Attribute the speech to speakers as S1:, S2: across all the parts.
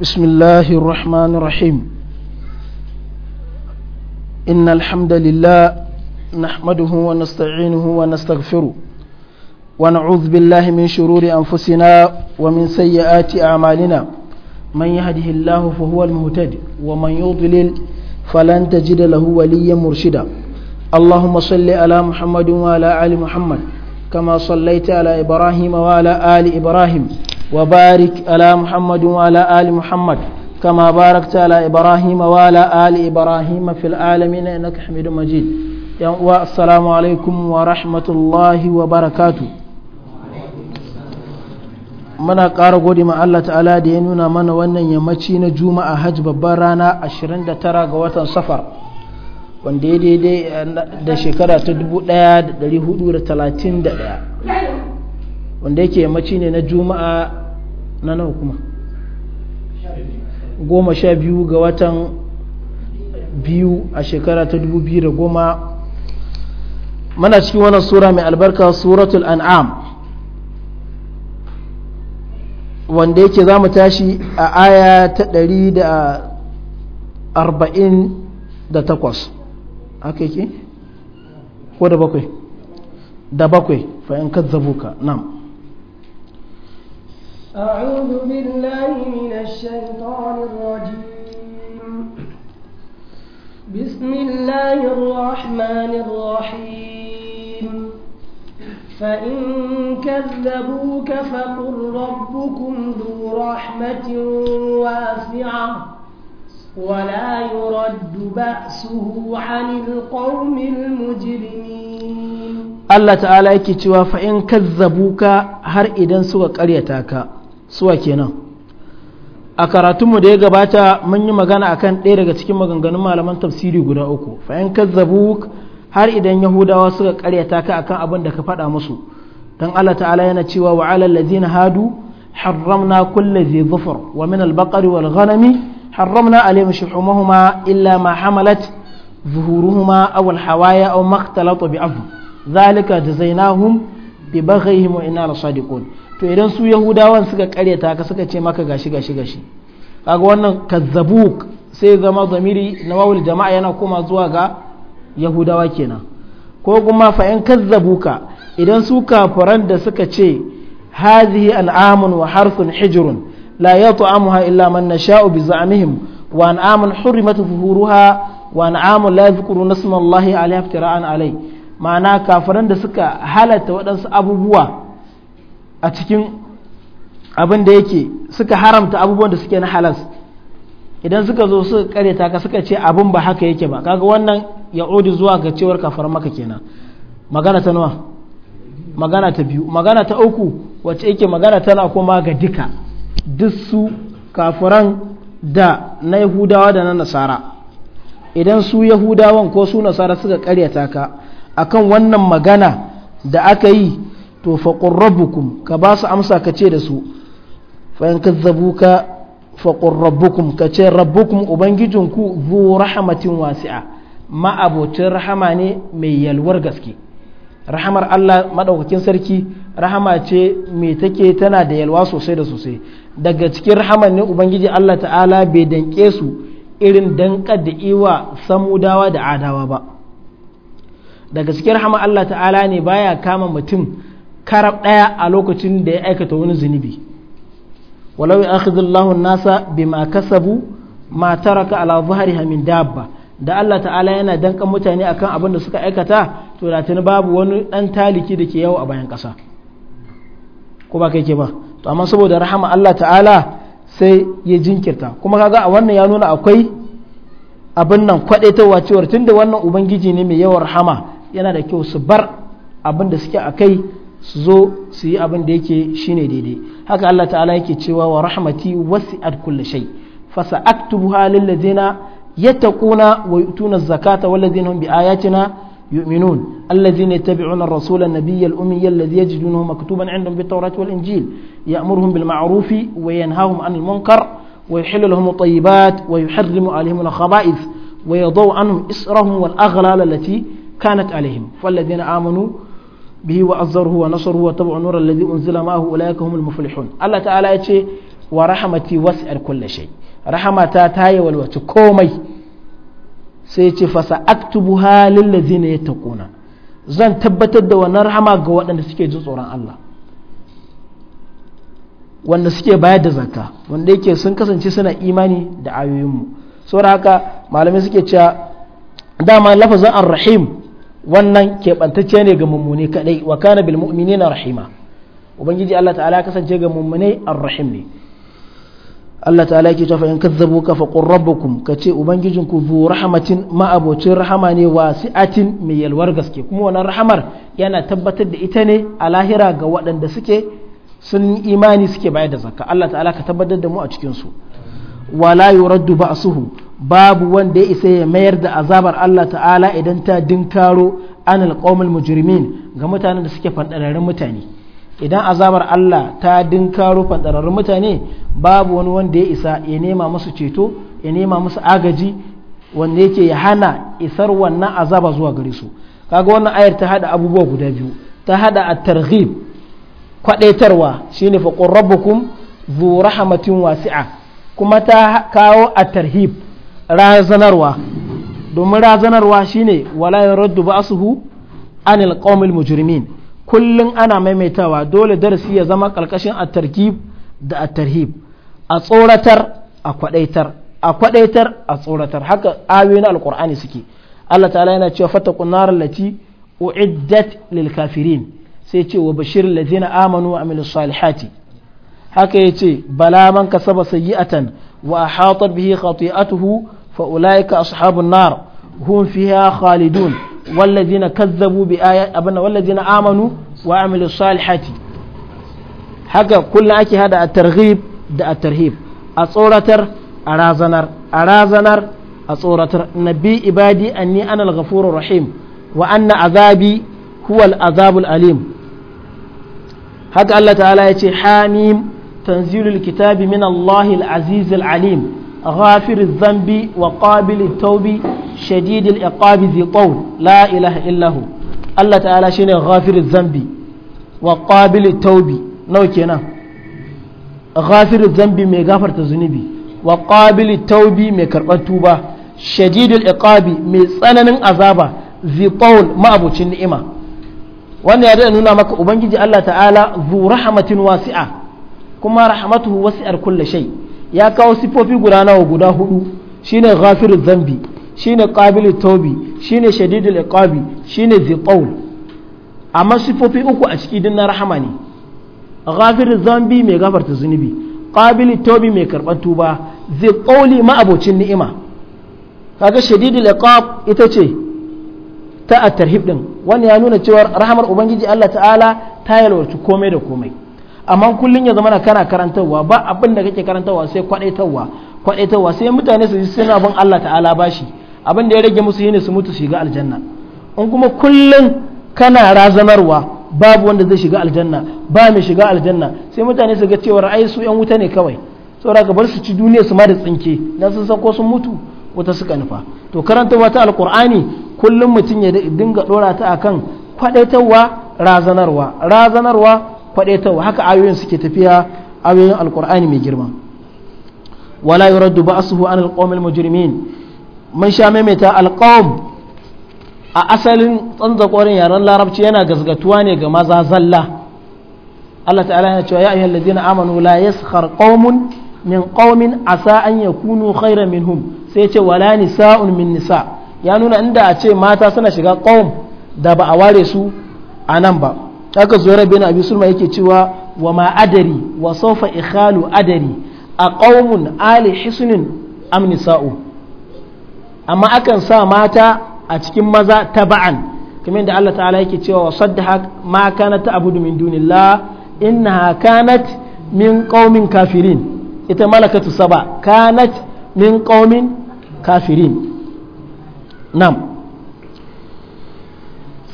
S1: بسم الله الرحمن الرحيم إن الحمد لله نحمده ونستعينه ونستغفره ونعوذ بالله من شرور أنفسنا ومن سيئات أعمالنا من يهده الله فهو المهتد ومن يضلل فلن تجد له وليا مرشدا اللهم صل على محمد وعلى آل محمد كما صليت على إبراهيم وعلى آل إبراهيم وبارك على محمد وعلى آل محمد كما باركت على إبراهيم وعلى آل إبراهيم في العالمين إنك حميد مجيد والسلام عليكم ورحمة الله وبركاته muna ƙara gode ma Allah ta'ala da ya nuna mana wannan yammaci na juma'a hajj babban rana 29 ga watan safar wanda ya daidai da shekara ta 1431 wanda yake yammaci ne na juma'a na nawa kuma goma sha biyu ga watan biyu a shekara ta dubu biyu da goma mana cikin wannan sura mai albarka suratul an'am wanda yake za mu tashi a aya ta ɗari da arba'in da takwas aka ko da bakwai da bakwai fa'in kazzabuka
S2: أعوذ بالله من الشيطان الرجيم بسم الله الرحمن الرحيم فإن كذبوك فقل ربكم ذو رحمة واسعة ولا يرد بأسه عن القوم المجرمين
S1: الله تعالى يكتوى فإن كذبوك هر إذن سوى قريتك suwa kenan a karatunmu da ya gabata mun yi magana akan ɗaya daga cikin maganganun malaman tafsiri guda uku fa'in kazzabuk har idan yahudawa suka karyata ka akan abin da ka faɗa musu Don Allah ta'ala yana cewa wa alal hadu harramna kulli dhi dhufr wa min al-baqari wal ghanami harramna alayhim shuhumahuma illa ma hamalat ظهورهما أو الحوايا أو ما اختلط بعظم ذلك جزيناهم ببغيهم la لصادقون to idan su yahudawan suka karyata ka suka ce maka gashi gashi gashi kaga wannan kazzabuk sai zama zamiri na wawul jama'a yana koma zuwa ga yahudawa kenan ko kuma fa in kazzabuka idan su kafiran da suka ce hadhihi al'amun wa harfun hijrun la yat'amuha illa man nasha'u bi za'mihim wa an'amun hurimat fuhuruha wa an'amun la yadhkuruna isma Allah iftira'an alai ma'ana kafiran da suka halatta waɗansu abubuwa a cikin abin da yake suka haramta abubuwan da suke na halas idan suka zo suka kareta ka suka ce abin ba haka yake ba kaga wannan ya odi zuwa ga cewar kafar maka kenan magana ta nawa magana ta biyu magana ta uku wacce yake magana tana kuma ga duka duk su kafiran da na yahudawa da na nasara idan su yahudawan ko su nasara suka karyata ka akan wannan magana da aka yi to faƙon rabukum ka ba su amsa ka ce da su fayan kazzabuka faƙon rabukum ka ce rabukum ubangijinku zu rahamatin wasi'a ma'abocin rahama ne mai yalwar gaske rahamar Allah maɗaukakin sarki rahama ce mai take tana da yalwa sosai da sosai daga cikin rahamar ne ubangiji Allah ta'ala bai danƙe su irin danƙar da iwa samudawa da adawa ba daga cikin rahama Allah ta'ala ne baya kama mutum karab ɗaya a lokacin da ya aikata wani zunubi walau ya akhidullahu nasa bima kasabu ma taraka ala zuhariha min dabba da Allah ta'ala yana danka mutane akan abin da suka aikata to da tuni babu wani dan taliki da ke yawo a bayan ƙasa ko ba kai ke ba to amma saboda rahama Allah ta'ala sai ya jinkirta kuma kaga a wannan ya nuna akwai abin nan ta cewar tunda wannan ubangiji ne mai yawan rahama yana da kyau su bar abin da suke a kai su zo su abin da yake shine ne daidai haka Allah ta'ala yake cewa wa rahmati wasi ad kulle shai fasa aktu buha lalladina ya taƙuna wa tuna zakata walladina bi ayatina yu'minun alladina tabi'una rasulan nabiyya al-ummiyya alladhi yajidunahu maktuban 'indahum bi tawrat ya injil ya'muruhum bil ma'ruf wa yanhahum 'anil munkar wa yuhillu lahum at-tayyibat wa yuharrimu 'alayhim al-khaba'ith wa yadhaw 'anhum israhum wal aghlal allati kanat 'alayhim fa alladina amanu bihi wa azzaruhu wa nasaruhu wa tab'u nura alladhi unzila ma'ahu ulaika humul muflihun Allah ta'ala ya ce wa rahmati wasi'at kulli shay rahmata ta ta walwaci komai sai yace fa sa'aktubuha lil ladzina zan tabbatar da wannan rahama ga waɗanda suke ji tsoron Allah wanda suke bayar da zakka wanda yake sun kasance suna imani da ayoyinmu saboda haka malamai suke cewa dama lafazin an rahim wannan keɓantacce ne ga mummune kadai wa kana bil mu'minina rahima ubangiji Allah ta'ala kasance ga mummune arrahim ne Allah ta'ala yake cewa in kazzabuka fa qur rabbukum kace ubangijin ku zu rahmatin ma abocin rahama ne wasi'atin mai yalwar gaske kuma wannan rahamar yana tabbatar da ita ne a lahira ga waɗanda suke sun imani suke bayar da zakka Allah ta'ala ka tabbatar da mu a cikin su wala yuraddu ba'suhu babu wanda ya isa ya mayar da azabar Allah ta'ala idan ta dinkaro an alƙawar mujrimin ga mutanen da suke fanɗararrun mutane idan azabar Allah ta dinkaro fanɗararrun mutane babu wani wanda ya isa ya nema musu ceto ya nema musu agaji wanda yake ya hana isar wannan azaba zuwa gare su kaga wannan ayar ta hada abubuwa guda biyu ta hada at-targhib kwadaitarwa shine fa qur rabbukum zu rahmatin wasi'a kuma ta kawo at-tarhib razanarwa domin razanarwa shine wala yaraddu ba'suhu anil qawmil mujrimin kullun ana maimaitawa dole darasi ya zama karkashin at-tarkib da at-tarhib a tsoratar a kwadaitar a kwadaitar a tsoratar haka na alqur'ani suke Allah ta'ala yana cewa fattaqun nar allati uiddat lil kafirin sai ce wa bashir allazina amanu wa amilus salihati haka yace bala man kasaba sayyi'atan wa ahata bihi khati'atuhu fa فأولئك أصحاب النار هم فيها خالدون والذين كذبوا بآيات أبنا والذين آمنوا وعملوا الصالحات haka kullum ake hada a targhib da a tarhib a tsoratar a razanar a razanar a tsoratar nabi ibadi anni anal ghafurur rahim wa anna azabi huwa azabul alim haka Allah ta'ala ya ce hamim tanzilul kitabi min Allahil azizil alim غافر الذنب وقابل التوب شديد العقاب ذي طول لا إله إلا هو الله تعالى شين غافر الذنب وقابل التوب نو كينا غافر الذنب مي غفر تزنبي وقابل التوب مي كربان توبة شديد العقاب مي سننن عذابا ذي طول ما أبو نعمة wannan ya daɗa nuna maka ubangiji Allah ta'ala zu rahmatin wasi'a kuma rahmatuhu wasi'ar kulle shai ya kawo sifofi guda nawa guda hudu shine ghafiru zambi shine qabilu tawbi shine shadidul iqabi shine ziqaul amma sifofi uku a ciki din na rahama ne ghafiru zambi mai gafarta zunubi qabilu tawbi mai karban tuba ziqauli ma abocin ni'ima kaga shadidul iqab ita ce ta a tarhib din wannan ya nuna cewa rahamar ubangiji Allah ta'ala ta yalwarci komai da komai amma kullum ya zama na kana karantarwa ba abin da kake karantarwa sai kwadaitarwa kwadaitarwa sai mutane su ji suna bin Allah ta'ala bashi abin da ya rage musu shine su mutu su shiga aljanna in kuma kullum kana razanarwa babu wanda zai shiga aljanna ba mai shiga aljanna sai mutane su ga cewa ai su yan wuta ne kawai saboda ka bar su ci duniya su ma da tsinke dan sun san ko sun mutu wata suka nufa to karantarwa ta alkur'ani kullum mutum ya dinga dora ta akan kwadaitarwa razanarwa razanarwa kwadaitarwa haka ayoyin suke tafiya ayoyin alkur'ani mai girma wala yuraddu ba'suhu an alƙomil mujrimin mun sha maimaita alƙom a asalin tsanzakorin yaren larabci yana gazgatuwa ne ga maza zalla Allah ta'ala yana cewa ya ayyuhal ladina amanu la yaskhar qaumun min qaumin asa an yakunu khayran minhum sai ce wala nisa'un min nisa ya nuna inda a ce mata suna shiga qaum da ba a ware su a nan ba haka zuwa bin abi sulma yake cewa wa ma adari wa saufa ikhalu adari a ƙaumun ali hisunin amni sa'u amma akan sa mata a cikin maza taba'an kamar yadda Allah ta'ala yake cewa wa saddaha ma kanat abu min dunillah innaha kanat min ƙaumin kafirin ita malakatu saba kanat min ƙaumin kafirin nam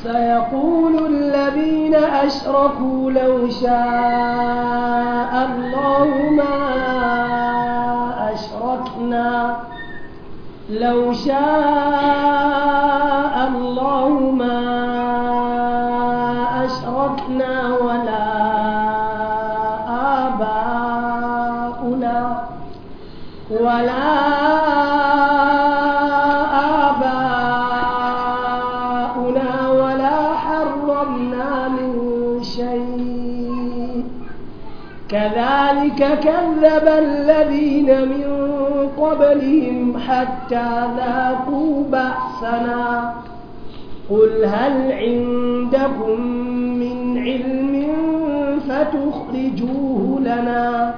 S2: سيقول الذين أشركوا لو شاء الله ما أشركنا لو شاء الله ما أشركنا كذب الذين من قبلهم حتى ذاقوا بأسنا قل هل عندكم من علم فتخرجوه لنا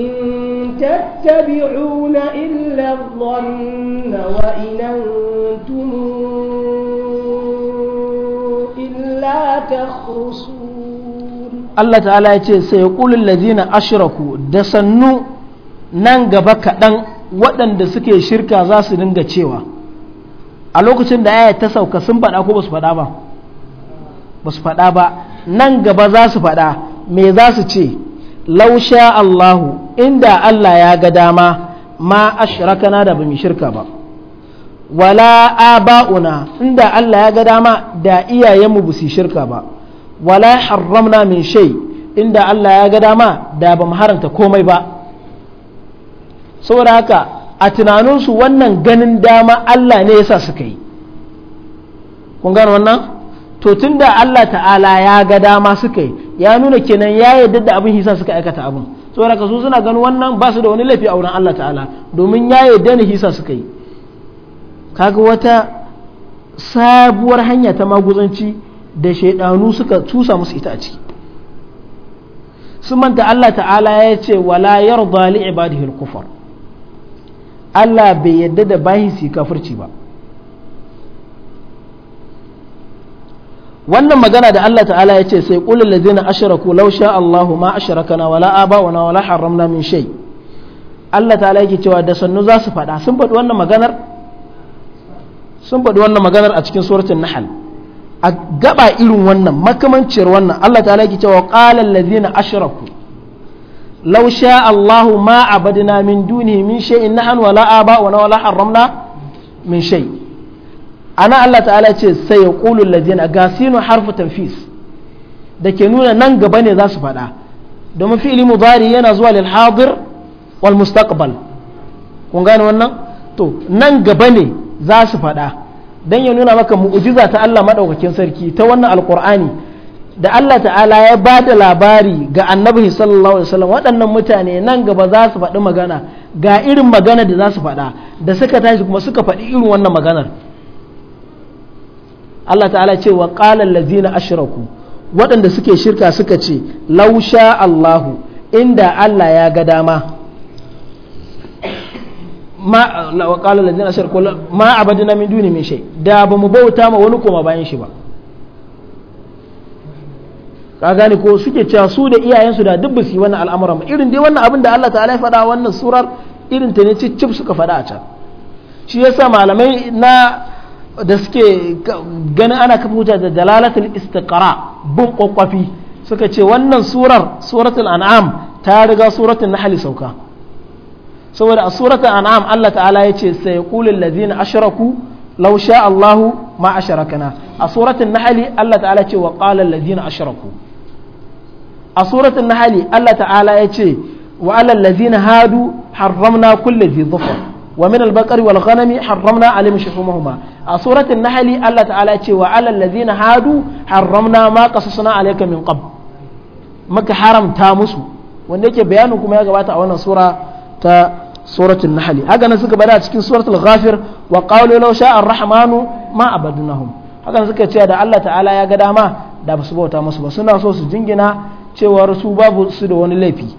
S2: إن تتبعون إلا الظن وإن أنتم إلا تخرصون
S1: Allah ta'ala ya ce sai ya ƙulun lazina ashiraku da sannu nan gaba kaɗan waɗanda suke shirka za su dinga cewa a lokacin da aya ta sauka sun faɗa ko ba su faɗa ba ba su faɗa ba nan gaba za su faɗa me za su ce lausha Allahu inda Allah ya ga dama ma na da mu shirka ba wala aba'una inda Allah ya ga dama da iyayenmu ba su shirka ba wala harramna min shay inda Allah ya ga dama da ba mu haranta komai ba saboda haka a tunaninsu wannan ganin dama Allah ne yasa suka yi kun gano wannan to tunda Allah ta'ala ya ga dama suka yi ya nuna kenan ya yarda da abin hisa suka aikata abin saboda ka su suna ganin wannan ba su da wani laifi a wurin Allah ta'ala domin ya yarda ne hisa suka yi kaga wata sabuwar hanya ta maguzanci da shaidanu suka tusa musu ita a ciki sun manta Allah ta'ala ya ce wala yar li ibadihi kufar Allah bai yadda da bayin su kafirci ba wannan magana da Allah ta'ala ya ce sai qulil ladzina ashraku law sha Allahu ma ashrakana wala abawana wala haramna min shay Allah ta'ala yake cewa da sannu za su faɗa sun faɗi wannan maganar sun faɗi wannan maganar a cikin suratul nahl a gaba irin wannan makamanciyar wannan Allah ta laiki cewa qala allazina ashiraku lau sha Allahu ma na min duni min shay'in an wala aba wa wala haramna min shai ana Allah ta'ala ce sai ya qulu allazina gasinu harfu tanfis da ke nuna nan gaba ne za su faɗa domin fi'ili mudari yana zuwa lil hadir wal mustaqbal kun gane wannan to nan gaba ne za su faɗa dan ya nuna maka mu'ujiza ta Allah madaukakin sarki ta wannan alqur'ani da Allah ta'ala ya ba da labari ga annabi sallallahu alaihi wasallam waɗannan mutane nan gaba za su faɗi magana ga irin magana da za su faɗa da suka tashi kuma suka faɗi irin wannan maganar Allah ta'ala ce wa qala allazina ashraku waɗanda suke shirka suka ce lausha Allahu inda Allah ya ga dama ma wa qala alladhina ashraku ma abadna min duni min shay da ba mu bauta ma wani koma bayan shi ba ka gane ko suke cewa su da iyayensu da duk su wannan al'amuran ma irin dai wannan abin da Allah ta'ala ya faɗa wannan surar irin ta ne cip suka faɗa a can shi yasa malamai na da suke ganin ana kafa hujja da dalalatul istiqra bin kwakwafi suka ce wannan surar suratul an'am ta riga suratul nahl sauka saboda a suratul an'am Allah ta'ala yace sai qulul ladzina ashraku law sha Allah ma asharakana a suratul nahl Allah ta'ala ce wa qala alladzina ashraku a suratul Allah ta'ala wa alal ladzina hadu harramna kulli dhi dhufr ومن البقر والغنم حرمنا عليهم شحومهما سورة النحل الله تعالى وعلى الذين هادوا حرمنا ما قصصنا عليك من قبل wanda yake bayanin kuma ya gabata a wannan sura ta suratul nahl haka nan suka bada a cikin suratul ghafir wa qalu law sha'a ar-rahmanu ma abadnahum haka nan suka ce da Allah ta'ala ya ga dama da basu bauta musu ba suna so su jingina cewa su babu su da wani laifi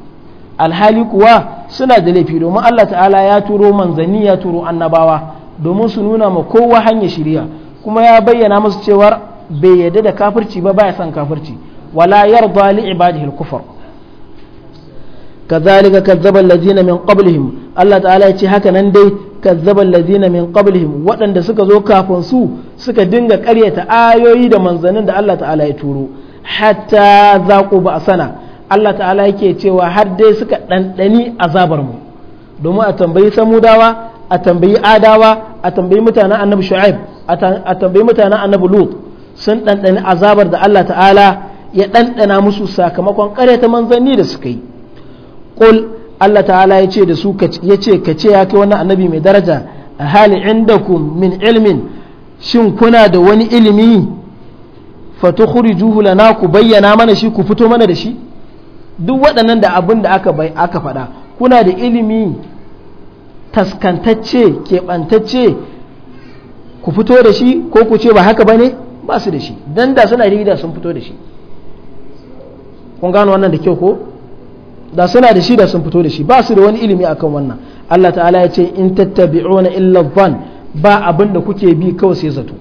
S1: alhali kuwa suna da laifi domin Allah ta'ala ya turo manzanni ya turo annabawa domin su nuna ma kowa hanyar shiriya kuma ya bayyana musu cewa bai yarda da kafirci ba baya son kafirci wala yarda li ibadihi al kufar kazalika kazzaba allazina min qablihim Allah ta'ala ya ce haka nan dai kazzaba allazina min qablihim waɗanda suka zo kafin su suka dinga ƙaryata ayoyi da manzannin da Allah ta'ala ya turo hatta zaqu ba'sana Allah ta'ala yake cewa har dai suka ɗanɗani azabar mu domin a tambayi samudawa a tambayi adawa a tambayi mutanen annabi shu'aib a tambayi mutanen annabi lut sun ɗanɗani azabar da Allah ta'ala ya ɗanɗana musu sakamakon ƙaryata manzanni da suka yi qul Allah ta'ala ya ce da su ya ce ka ce ya kai wannan annabi mai daraja inda ku min ilmin shin kuna da wani ilimi juhula lana ku bayyana mana shi ku fito mana da shi duk waɗannan da abin da aka bai aka faɗa kuna da ilimi taskantacce keɓantacce ku fito da shi ko ku ce ba haka ba ne ba su da shi dan da suna da sun fito da shi kun gano wannan da kyau ko da suna da shi da sun fito da shi ba su da wani ilimi akan wannan Allah ta'ala ya ce in tattabi'una illa dhann ba abin da kuke bi kawai sai zato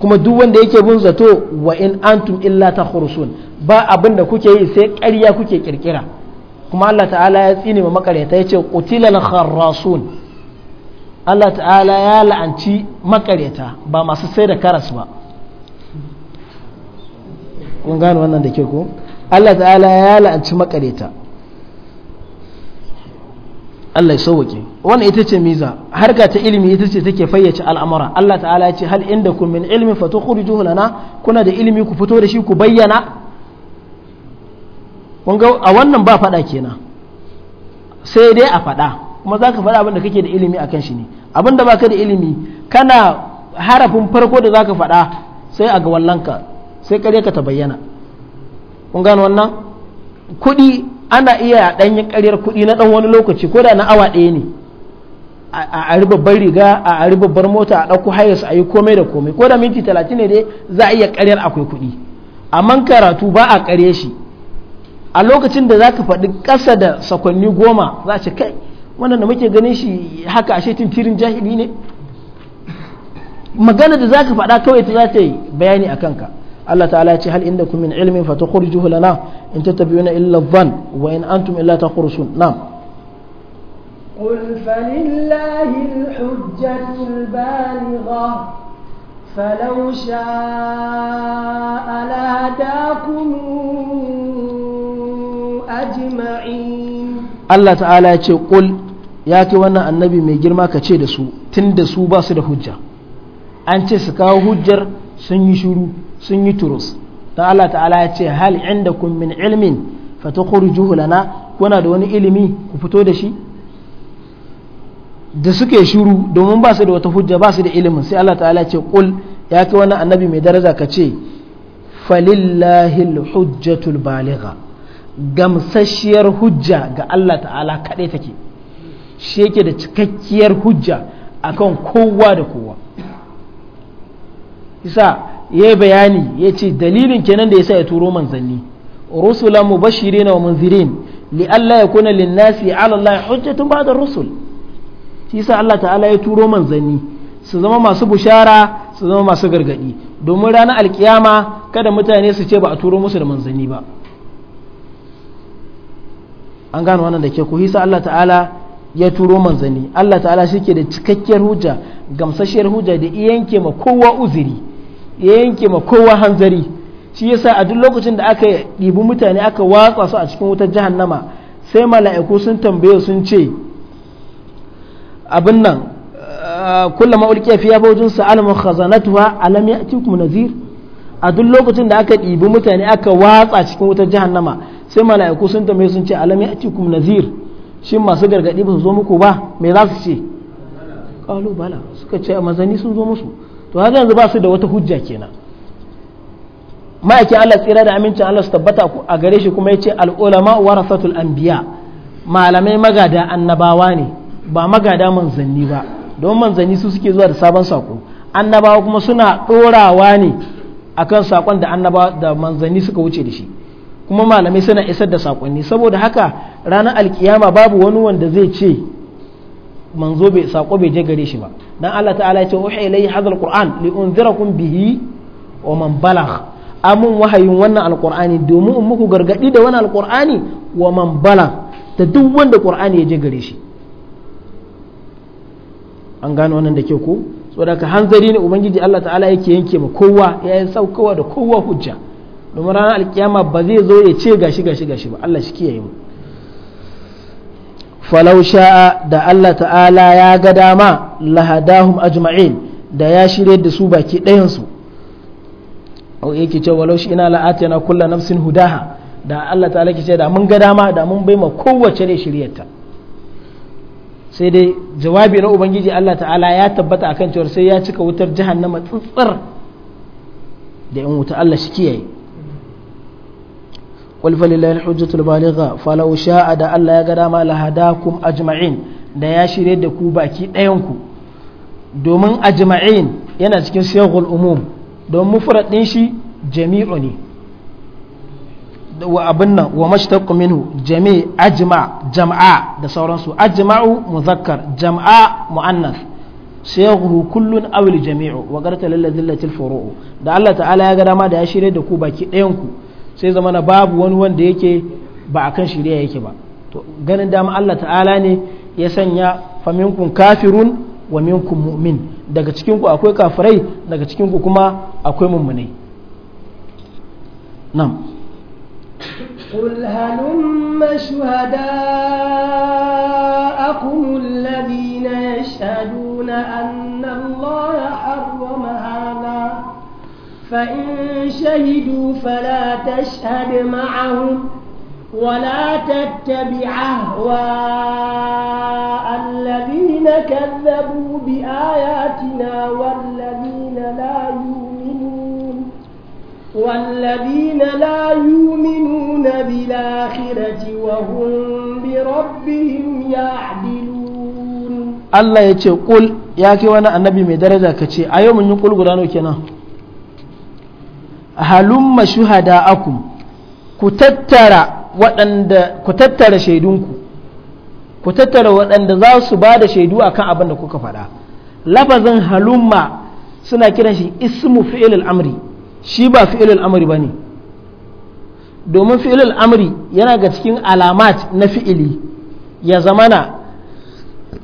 S1: kuma duk wanda yake bin zato wa in antum illa takhrusun ba abin da kuke yi sai ƙarya kuke kirkira kuma Allah ta'ala ya tsine ma makareta ya ce qutilal kharrasun Allah ta'ala ya la'anci makaryata ba masu sai da karas ba kun gano wannan da ke ko Allah ta'ala ya la'anci makareta Allah ya sauwake wannan ita ce miza harka ta ilimi ita ce take fayyace al'amura Allah ta'ala ya ce hal inda kun min ilmi fa tukhrijuhu lana kuna da ilimi ku fito da shi ku bayyana kun ga a wannan ba fada kenan sai dai a fada kuma zaka fada abin da kake da ilimi akan shi ne abin da baka da ilimi kana harafin farko da zaka fada sai a ga wallanka sai kare ka ta bayyana kun gano wannan kuɗi ana iya a ɗanyen ƙaryar kuɗi na ɗan wani lokaci ko da na awa ɗaya ne a ari babbar riga a ari babbar mota a ɗauko hayas a yi komai da komai ko da minti talatin ne dai za a iya ƙaryar akwai kuɗi amma karatu ba a ƙarye shi a lokacin da za ka faɗi ƙasa da sakonni goma za a ce kai wannan da muke ganin shi haka ashe tirin jahili ne magana da za ka faɗa kawai ta za ta yi bayani a kanka Allah ta'ala ya ce hal inda kun min ilmin fa tukhrijuhu na in tattabi'una illa dhann wa in antum illa takhrusun na'am
S2: قل فلله الحجة البالغة فلو شاء لهداكم أجمعين
S1: الله تعالى يقول ya ke wannan annabi mai girma ka ce da su tun da su ba su da hujja an ce su kawo hujjar sun yi shuru sun yi turus don Allah ta'ala ya ce hal inda kun min ilmin fatakhrujuhu lana kuna da wani ilimi ku fito da shi da suke shiru domin ba su da wata hujja ba su da ilimin sai Allah ta'ala ya ce kul ya kai wani annabi mai daraja ka ce falillahil hujjatul baligha gamsasshiyar hujja ga Allah ta'ala kaɗai take shi yake da cikakkiyar hujja akan kowa da kowa isa ya yi bayani ya ce dalilin kenan da ya sa ya turo manzanni rusulan na wa munzirin li ya kuna lin nasi ala Allah hujjatun ba'da rusul shi sa Allah ta'ala ya turo manzanni su zama masu bushara su zama masu gargadi domin ranar alkiyama kada mutane su ce ba a turo musu da manzanni ba an gano wannan da ke ku sa Allah ta'ala ya turo manzanni Allah ta'ala shi ke da cikakkiyar hujja gamsasshiyar hujja da iyanke ma kowa uziri. ya yanke ma kowa hanzari shi yasa a duk lokacin da aka ɗibi mutane aka watsa su a cikin wutar jahannama sai mala'iku sun tambaye sun ce abin nan eh, kulla ma'ulkiya fiya baujin sa'alamun khazanatuwa alam kuma nazir a duk lokacin da aka ɗibi mutane aka watsa cikin wutar jahannama sai mala'iku sun tambaye sun ce alam kuma nazir shin masu gargaɗi ba su zo muku ba me za su ce kalu bala suka ce mazani sun zo musu to haka yanzu ba su da wata hujja kenan ma'aikin Allah tsira da amincin Allah su tabbata a gare shi kuma yace al ulama warasatul anbiya malamai magada annabawa ne ba magada manzanni ba don manzanni su suke zuwa da sabon sako annabawa kuma suna dorawa ne akan sakon da annabawa da manzanni suka wuce da shi kuma malamai suna isar da sakonni saboda haka ranar alkiyama babu wani wanda zai ce manzo bai sako bai je gare shi ba dan Allah ta'ala ya ce uhiya ilayhi hadhal qur'an li unzirakum bihi wa man balagh amun wahayin wannan alqur'ani domin in muku gargadi da wannan alqur'ani wa man balagh da duk wanda qur'ani ya je gare shi an gano wannan da ke ko saboda ka hanzari ne ubangiji Allah ta'ala yake yanke ma kowa ya yi saukowa da kowa hujja domin ranar alkiyama ba zai zo ya ce gashi gashi gashi ba Allah shi kiyaye mu falau sha'a da Allah ta'ala ya ga dama lahadahum ajma'in da ya shirye da su baki ɗayansu au yake ce walau shi ina na kulla nafsin hudaha da Allah ta'ala ke ce da mun ga dama da mun bai ma kowace ne shiryarta sai dai jawabi na ubangiji Allah ta'ala ya tabbata akan cewa sai ya cika wutar jahannama tsantsar da in wuta Allah shi kiyaye qul falillahi alhujjatul baligha falau sha'a da Allah ya ga dama lahadakum ajma'in da ya shirye da ku baki ɗayan ku domin ajma'in yana cikin sayyul umum don mufrad din shi jami'u ne wa abin nan wa mashtaq minhu jami' ajma' jama'a da sauransu ajma'u muzakkar jama'a muannas sayaghu kullun awil jami'u wa qarta lil ladillati da Allah ta'ala ya ga dama da ya shirye da ku baki ɗayan sai zama na babu wani wanda yake ba a kan shirya yake ba to ganin dama Allah ta'ala ne ya sanya faminkun kafirun wa minkun mu'min daga cikin ku akwai kafirai daga cikin ku kuma akwai mummunai nam
S2: قل هلم شهداءكم الذين يشهدون أن الله حرم هذا فإن شهدوا فلا تشهد معهم ولا تتبع أهواء الذين كذبوا بآياتنا والذين لا يؤمنون والذين لا يؤمنون بالآخرة وهم بربهم يعدلون
S1: الله يقول يا كي وانا النبي مدرجة كتي أيوم من يقول قرآن كنا halumma shuhada akum ku tattara waɗanda ku tattara shaidunku ku tattara waɗanda za su ba da shaidu akan abin da kuka faɗa lafazin halumma suna kiran shi ismu fi'ilul amri shi ba al'amri amri ne domin fi'il amri yana ga cikin alamat na fi'ili ya zamana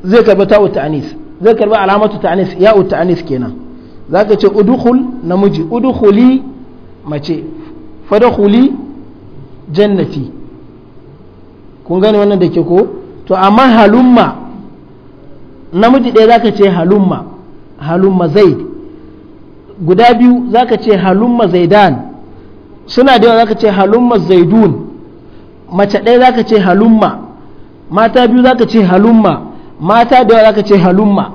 S1: zai karbi ta'u ta'anis zai karbi alamatu ta'anis ya ta'anis kenan za ka ce udukul namiji udukuli. mace fadakhuli jannati kun gane wannan da ke ko to amma halumma namiji ɗaya zaka ce halumma halumma zaid guda biyu zaka ce halumma zaidan suna da yawa zaka ce halumma zaidun mace ɗaya zaka ce halumma mata biyu zaka ce halumma mata da yawa zaka ce halumma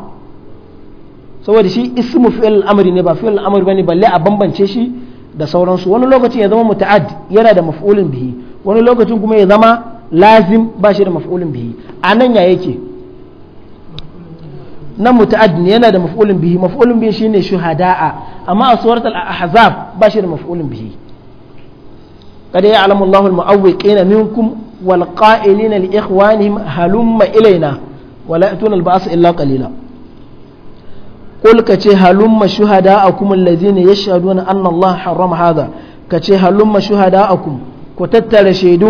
S1: saboda shi ismu fi'il al'amari ne ba fi'il al'amari bane balle a bambance shi da sauransu wani lokacin ya zama muta'addi yana da maf'ulin bihi wani lokacin kuma ya zama lazim ba shi da maf'ulin bihi a nan ya yake na muta'addi ne yana da maf'ulin bihi maf'ulin bihi shine shuhada'a amma a surat al-ahzab ba shi da maf'ulin bihi kada ya alamu Allahu muawwiqina minkum wal qa'ilina li ikhwanihim halumma ilaina wala yatuna al-ba'sa illa qalila qul ka ce halumma shuhada'akum alladhina yashhaduna anna Allah harrama hadha ka ce halumma shuhada'akum ku tattara ya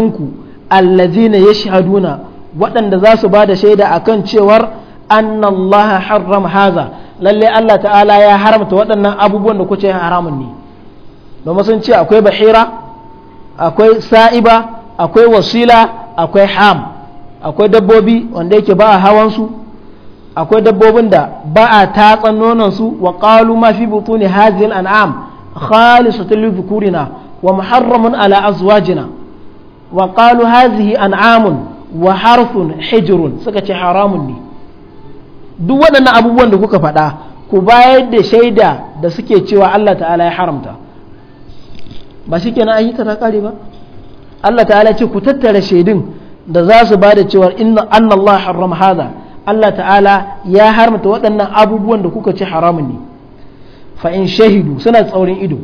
S1: alladhina yashhaduna waɗanda za su ba da shaida akan cewar anna Allah harrama hadha lalle Allah ta'ala ya haramta waɗannan abubuwan da kuce haramun ne domin sun ce akwai bahira akwai sa'iba akwai wasila akwai ham akwai dabbobi wanda yake ba a hawansu akwai dabbobin da ba a tatsan nonon su wa qalu ma fi butuni hadhihi dhukurina wa muharramun ala azwajina wa qalu an'amun wa harfun hijrun suka ce haramun ne duk waɗannan abubuwan da kuka faɗa ku bayar da shaida da suke cewa Allah ta'ala ya haramta ba shi kenan ayyuka ta kare ba Allah ta'ala ce ku tattara shaidun da za su ba da cewa inna Allah harram hada Allah ta'ala ya haramta waɗannan abubuwan da kuka ci haramun ne fa in shahidu suna tsaurin ido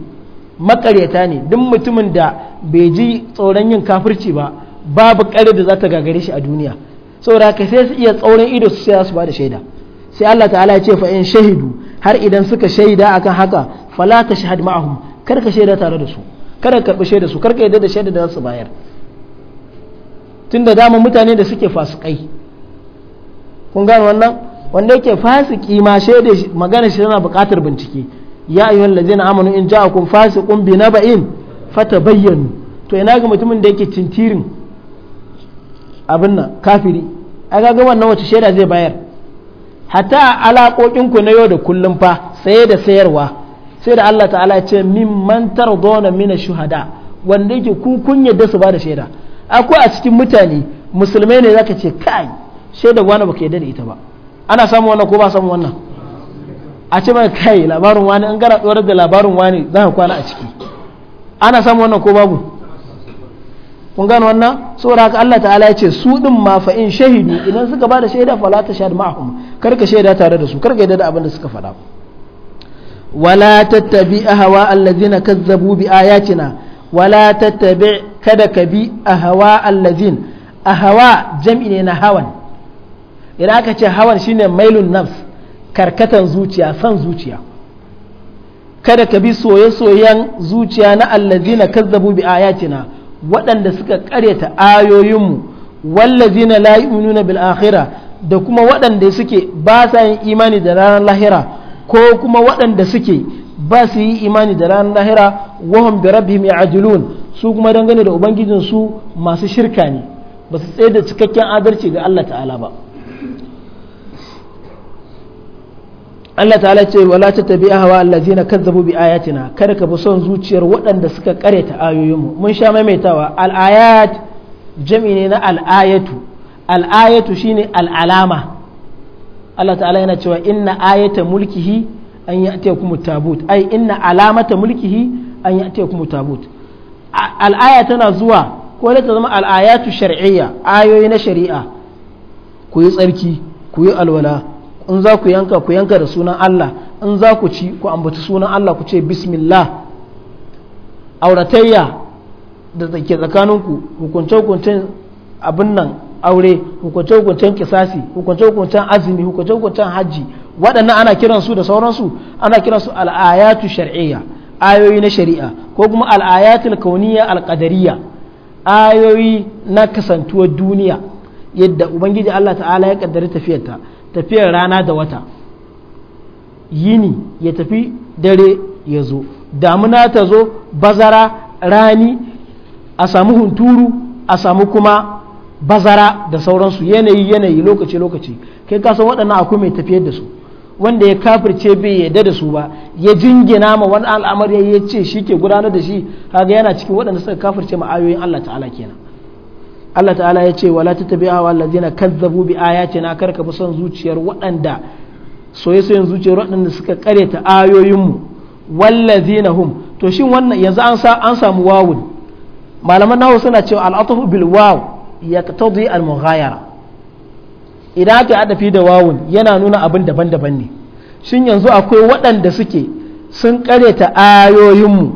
S1: makaryata ne duk mutumin da bai ji tsoron yin kafirci ba babu ƙare da za ta gagare shi a duniya saboda ka sai su iya tsaurin ido su sai su ba da shaida sai Allah ta'ala ya ce fa in shahidu har idan suka shaida akan haka fala ta shahad ma'ahum kar ka shaida tare da su kar ka karbi shaida su kar ka yadda da shaida da za su bayar tunda dama mutane da suke fasikai kun gane wannan wanda yake fasiki ma shaida magana shi tana buƙatar bincike ya ayyuhal allazina amanu in ja'akum fasiqun bi naba'in fatabayyanu to ina ga mutumin da yake tintirin abin nan kafiri ai ga wannan wace shaida zai bayar hatta alaƙoƙin ku na yau da kullum fa saye da sayarwa sai da Allah ta'ala ya ce min man tardona mina shuhada wanda yake ku kun yadda su ba da shaida akwai a cikin mutane musulmai ne zaka ce kai gwana wani baka yadda da ita ba ana samun wannan ko ba samun wannan a ce mai kai labarin wani an gara tsorar da labarin wani za ka kwana a ciki ana samun wannan ko babu kun gano wannan saboda haka Allah ta'ala ya ce su din ma fa in shahidu idan suka bada shaida fala ta shahid ma'ahum kar ka shaida tare da su kar ka yadda da abin da suka faɗa wala tattabi ahwa alladhina kazzabu bi ayatina wala tattabi kada ka bi ahwa allazin ahwa jam'i ne na hawan idan aka ce hawan shine mailun nafs karkatan zuciya san zuciya kada ka bi soye-soyen zuciya na allazina kazzabu bi ayatina waɗanda suka ƙaryata ayoyinmu wallazina la yu'minuna bil akhirah da kuma waɗanda suke ba sa yin imani da ranar lahira ko kuma waɗanda suke ba su yi imani da ranar lahira wahum bi rabbihim ya'jilun su kuma dangane da ubangijin su masu shirka ne ba su tsaye da cikakken adalci ga Allah ta'ala ba Allah ta'ala ce wala ta tabi hawa allazina kazzabu bi ayatina kada ka bi son zuciyar waɗanda suka kareta ayoyinmu mun sha maimaitawa al-ayat jami ne na al-ayatu al-ayatu shine al-alama Allah ta'ala yana cewa inna ayata mulkihi an ya'tiyakum tabut ai inna alamata mulkihi an ya'tiyakum tabut al-aya tana zuwa ko ta zama al-ayatu shar'iyya ayoyi na shari'a ku yi tsarki ku yi alwala in za ku yanka ku yanka da sunan Allah in za ku ci ku ambaci sunan Allah ku ce bismillah auratayya da ke tsakaninku hukunce-hukuncen abin nan aure hukunce-hukuncen kisasi hukunce-hukuncen azumi hukunce-hukuncen hajji waɗannan ana kiransu da sauransu ana kiransu al'ayatu shar'iyya ayoyi na shari'a ko kuma al'ayatul kauniyya alƙadariya ayoyi na kasantuwar duniya yadda ubangiji Allah ta'ala ya kaddari tafiyarta tafiyar rana da wata yini ya tafi dare ya zo damuna ta zo bazara rani a samu hunturu a samu kuma bazara da sauransu yanayi yanayi lokaci lokaci kai kasan waɗannan akwai mai tafiyar da su wanda ya kafirce bai yadda da su ba ya jingina ma wani al'amari ya ce shi ke gudanar da shi kaga yana cikin waɗanda suka kafirce ma Allah ta'ala kenan Allah ta'ala ya ce wa la wala tattabi'a allazina kazzabu bi ayatina karka bi son zuciyar waɗanda soyayyen zuciyar waɗanda suka kare ta ayoyinmu wallazina hum to shin wannan yanzu an an samu wawun malaman nahu suna cewa al'atafu bil waw yaqtadi al mughayara idan aka adafi da wawun yana nuna abin daban-daban ne shin yanzu akwai waɗanda suke sun kare ta ayoyinmu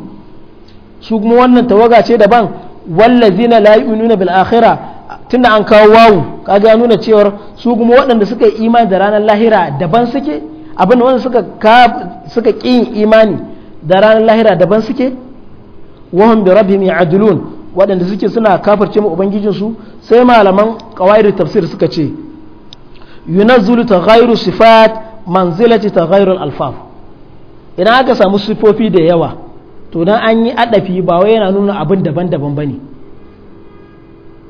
S1: su kuma wannan tawaga ce daban wallazina la yu'minuna bil akhirah tunda an kawo wawu kaga ya nuna cewar su kuma waɗanda suka yi imani da ranar lahira daban suke abinda wanda suka suka ƙi imani da ranar lahira daban suke hum bi rabbihim ya'dulun waɗanda suke suna kafirce mu ubangijin su sai malaman qawaidu tafsir suka ce yunazzilu taghayru sifat manzilati taghayru al-alfaf ina aka samu sifofi da yawa to dan an yi adafi ba wai yana nuna abin daban-daban bane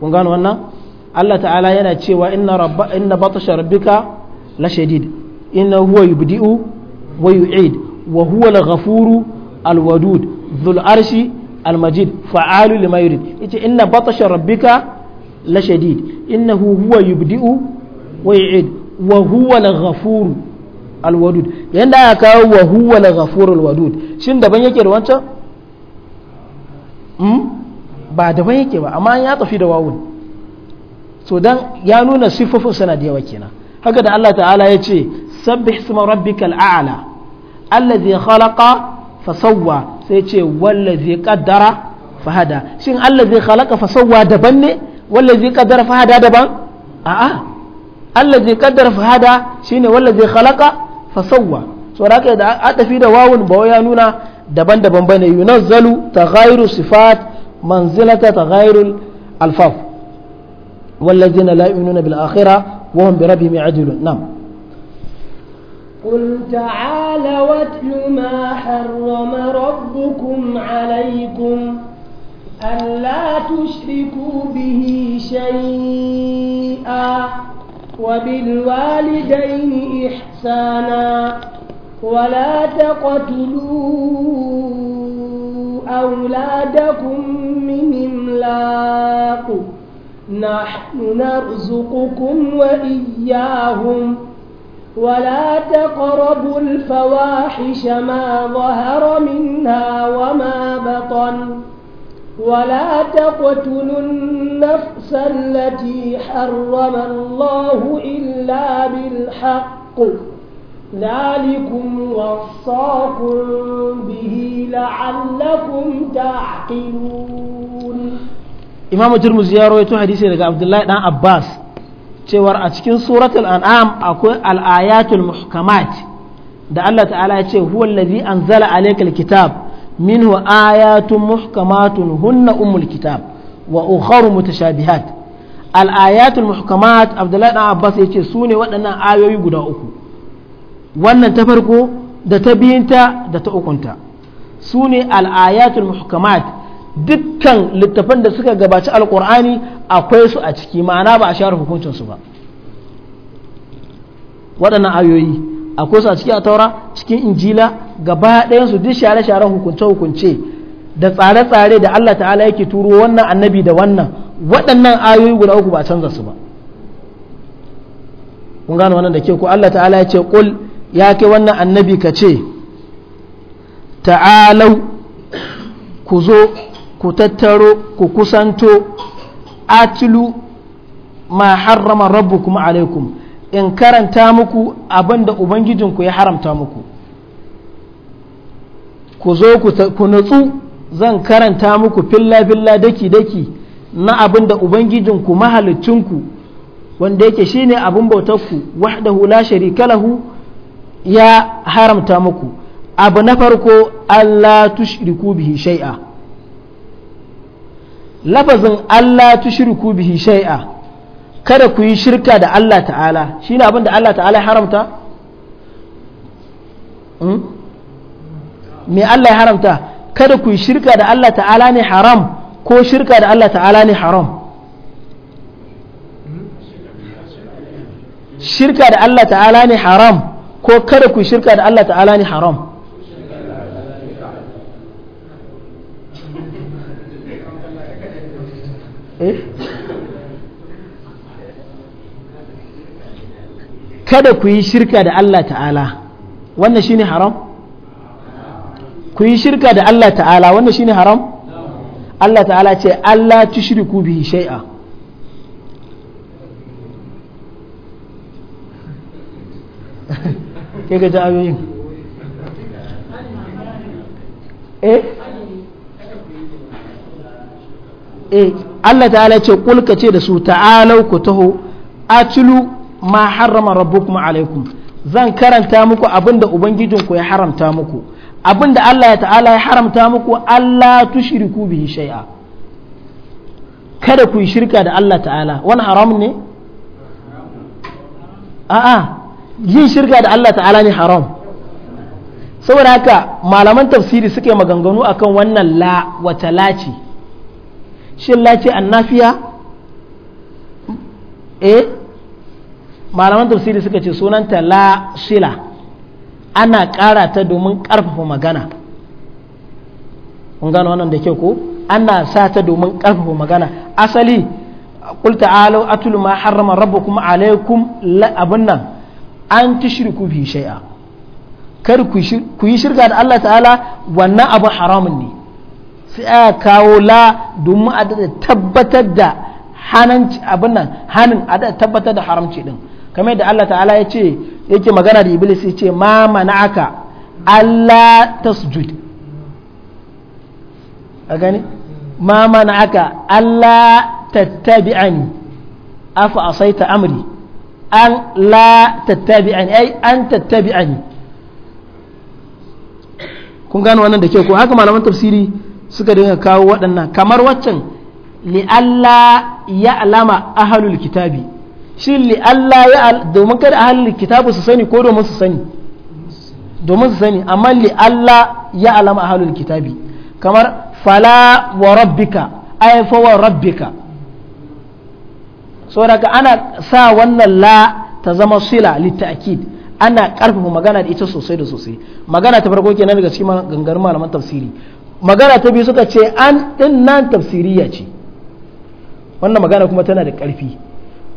S1: kun gano wannan Allah ta'ala yana cewa inna rabba inna batsha rabbika la shadid inna huwa yubdi'u wa yu'id wa huwa al-ghafuru al-wadud dhul arshi al-majid fa'alu lima yurid yace inna batsha rabbika la shadid innahu huwa yubdi'u wa yu'id wa huwa al-ghafuru alwadud yanda aka kawo wa huwa al-ghafurul wadud shin daban yake da wancan hmm? ba daban yake ba amma ya tafi da wawun so dan ya nuna siffofin suna da yawa kenan haka da Allah ta'ala ya ce sabbih isma rabbikal a'la allazi khalaqa fa sawwa sai ce wallazi qaddara fa hada shin allazi khalaqa fa sawwa daban ne wallazi qaddara fa hada daban a'a allazi qaddara fa hada shine wallazi khalaqa fasawwa so da haka da adafi da wawun ba ya nuna daban-daban bane yunazzalu taghayru sifat manzilata taghayrul alfaf والذين لا يؤمنون بالآخرة وهم بربهم يعدلون نعم
S2: قل تعالى واتل ما حرم ربكم عليكم ألا تشركوا به شيئا وبالوالدين إحسانا ولا تقتلوا أولادكم من إملاق نحن نرزقكم وإياهم ولا تقربوا الفواحش ما ظهر منها وما بطن ولا تقتلوا النفس التي حرم الله إلا بالحق ذلكم وصاكم به لعلكم تعقلون
S1: إمام ترمزي يا رويتو حديثي عبد الله بن عباس cewar a cikin suratul an'am akwai al'ayatul muhkamat da Allah ta'ala ya ce huwa allazi anzala alaykal kitab minhu ayatun muhkamatun hunna ummul kitab wa متشابهات الآيات المحكمات عبد الله بن dan abbas yace su ne waɗannan ayoyi guda uku wannan ta farko da ta biyinta da ta ukunta sune ne al muhkamat dukkan littafan da suka gabaci alkur'ani akwai su a ciki ma'ana ba a share hukuncinsu ba waɗannan ayoyi akwai su a ciki a taura cikin injila gaba ɗayansu duk share share hukunce-hukunce da tsare-tsare da Allah ta'ala yake turo wannan annabi da wannan waɗannan ayoyi guda uku ba canza su ba kun gano wannan da ke ku Allah ta'ala ya ce ƙul ya kai wannan annabi ka ce ta'alau ku zo ku tattaro ku kusanto atilu ma harrama kuma alaikum in karanta muku abinda ubangijinku ya haramta muku ku zo ku nutsu zan karanta muku filla-filla daki-daki na abin da ubangijinku mahalicinku wanda yake shine abin bautarku wahdahu la sharika lahu ya haramta muku abu na farko Allah tushriku bihi shay'a lafazin Allah tushriku bihi shay'a kada ku yi shirka da Allah ta'ala shine abin da Allah ta'ala ya haramta hmm? me Allah ya haramta kada ku yi shirka da Allah ta'ala ne haram ko shirka da Allah ta'ala ne haram shirka da Allah ta'ala ne haram ko kada ku yi shirka da Allah ta'ala ne haram eh? kada ku yi shirka da Allah ta'ala wannan shine haram ku yi shirka da Allah ta'ala wannan shine haram Allah ta'ala ce Allah tushriku bihi shay'a ke ga ayoyin eh eh Allah ta'ala ce kulka ce da su ta'alau ku taho atulu ma harrama rabbukum alaikum zan karanta muku abinda ubangijinku ya haramta muku Abin da Allah ya ta'ala ya haramta muku Allah tushriku bihi shay'a kada ku yi shirka da Allah ta'ala wani haram ne a'a yin shirka da Allah ta'ala ne haram saboda haka malaman tafsiri suke maganganu akan wannan la wata laci shin laci annafiya eh malaman tafsiri suka ce sunanta la shila ana ƙara ta domin ƙarfafa magana kun gano wannan da kyau ko ana sa ta domin ƙarfafa magana asali qul ta'alu atlu ma harrama rabbukum alaykum la abunna an tushriku bi shay'a kar ku yi shirka da Allah ta'ala wannan abu haramun ne sai a kawo la domin a tabbatar da hananci abin nan hanin a tabbatar da haramci din kamar da Allah ta'ala ya ce yake magana da iblis ya ce ma aka Allah sujud a gani ma aka Allah tattabi'ani afa asaita amri an la tattabi'ani ai an tattabi'ani kun gano wannan da ke ko haka malaman tafsiri suka dinga kawo waɗannan kamar waccan li Allah ya alama ahalul kitabi shin li Allah ya domin kada ahli kitabu su sani ko domin su sani domin su sani amma li Allah ya alama ahli kitabi kamar fala wa rabbika ay fa wa rabbika daga ana sa wannan la ta zama sila ta'kid ana karfafa magana da ita sosai da sosai magana ta farko kenan daga cikin gangar malaman tafsiri magana ta biyu suka ce an din nan tafsiriya ce wannan magana kuma tana da karfi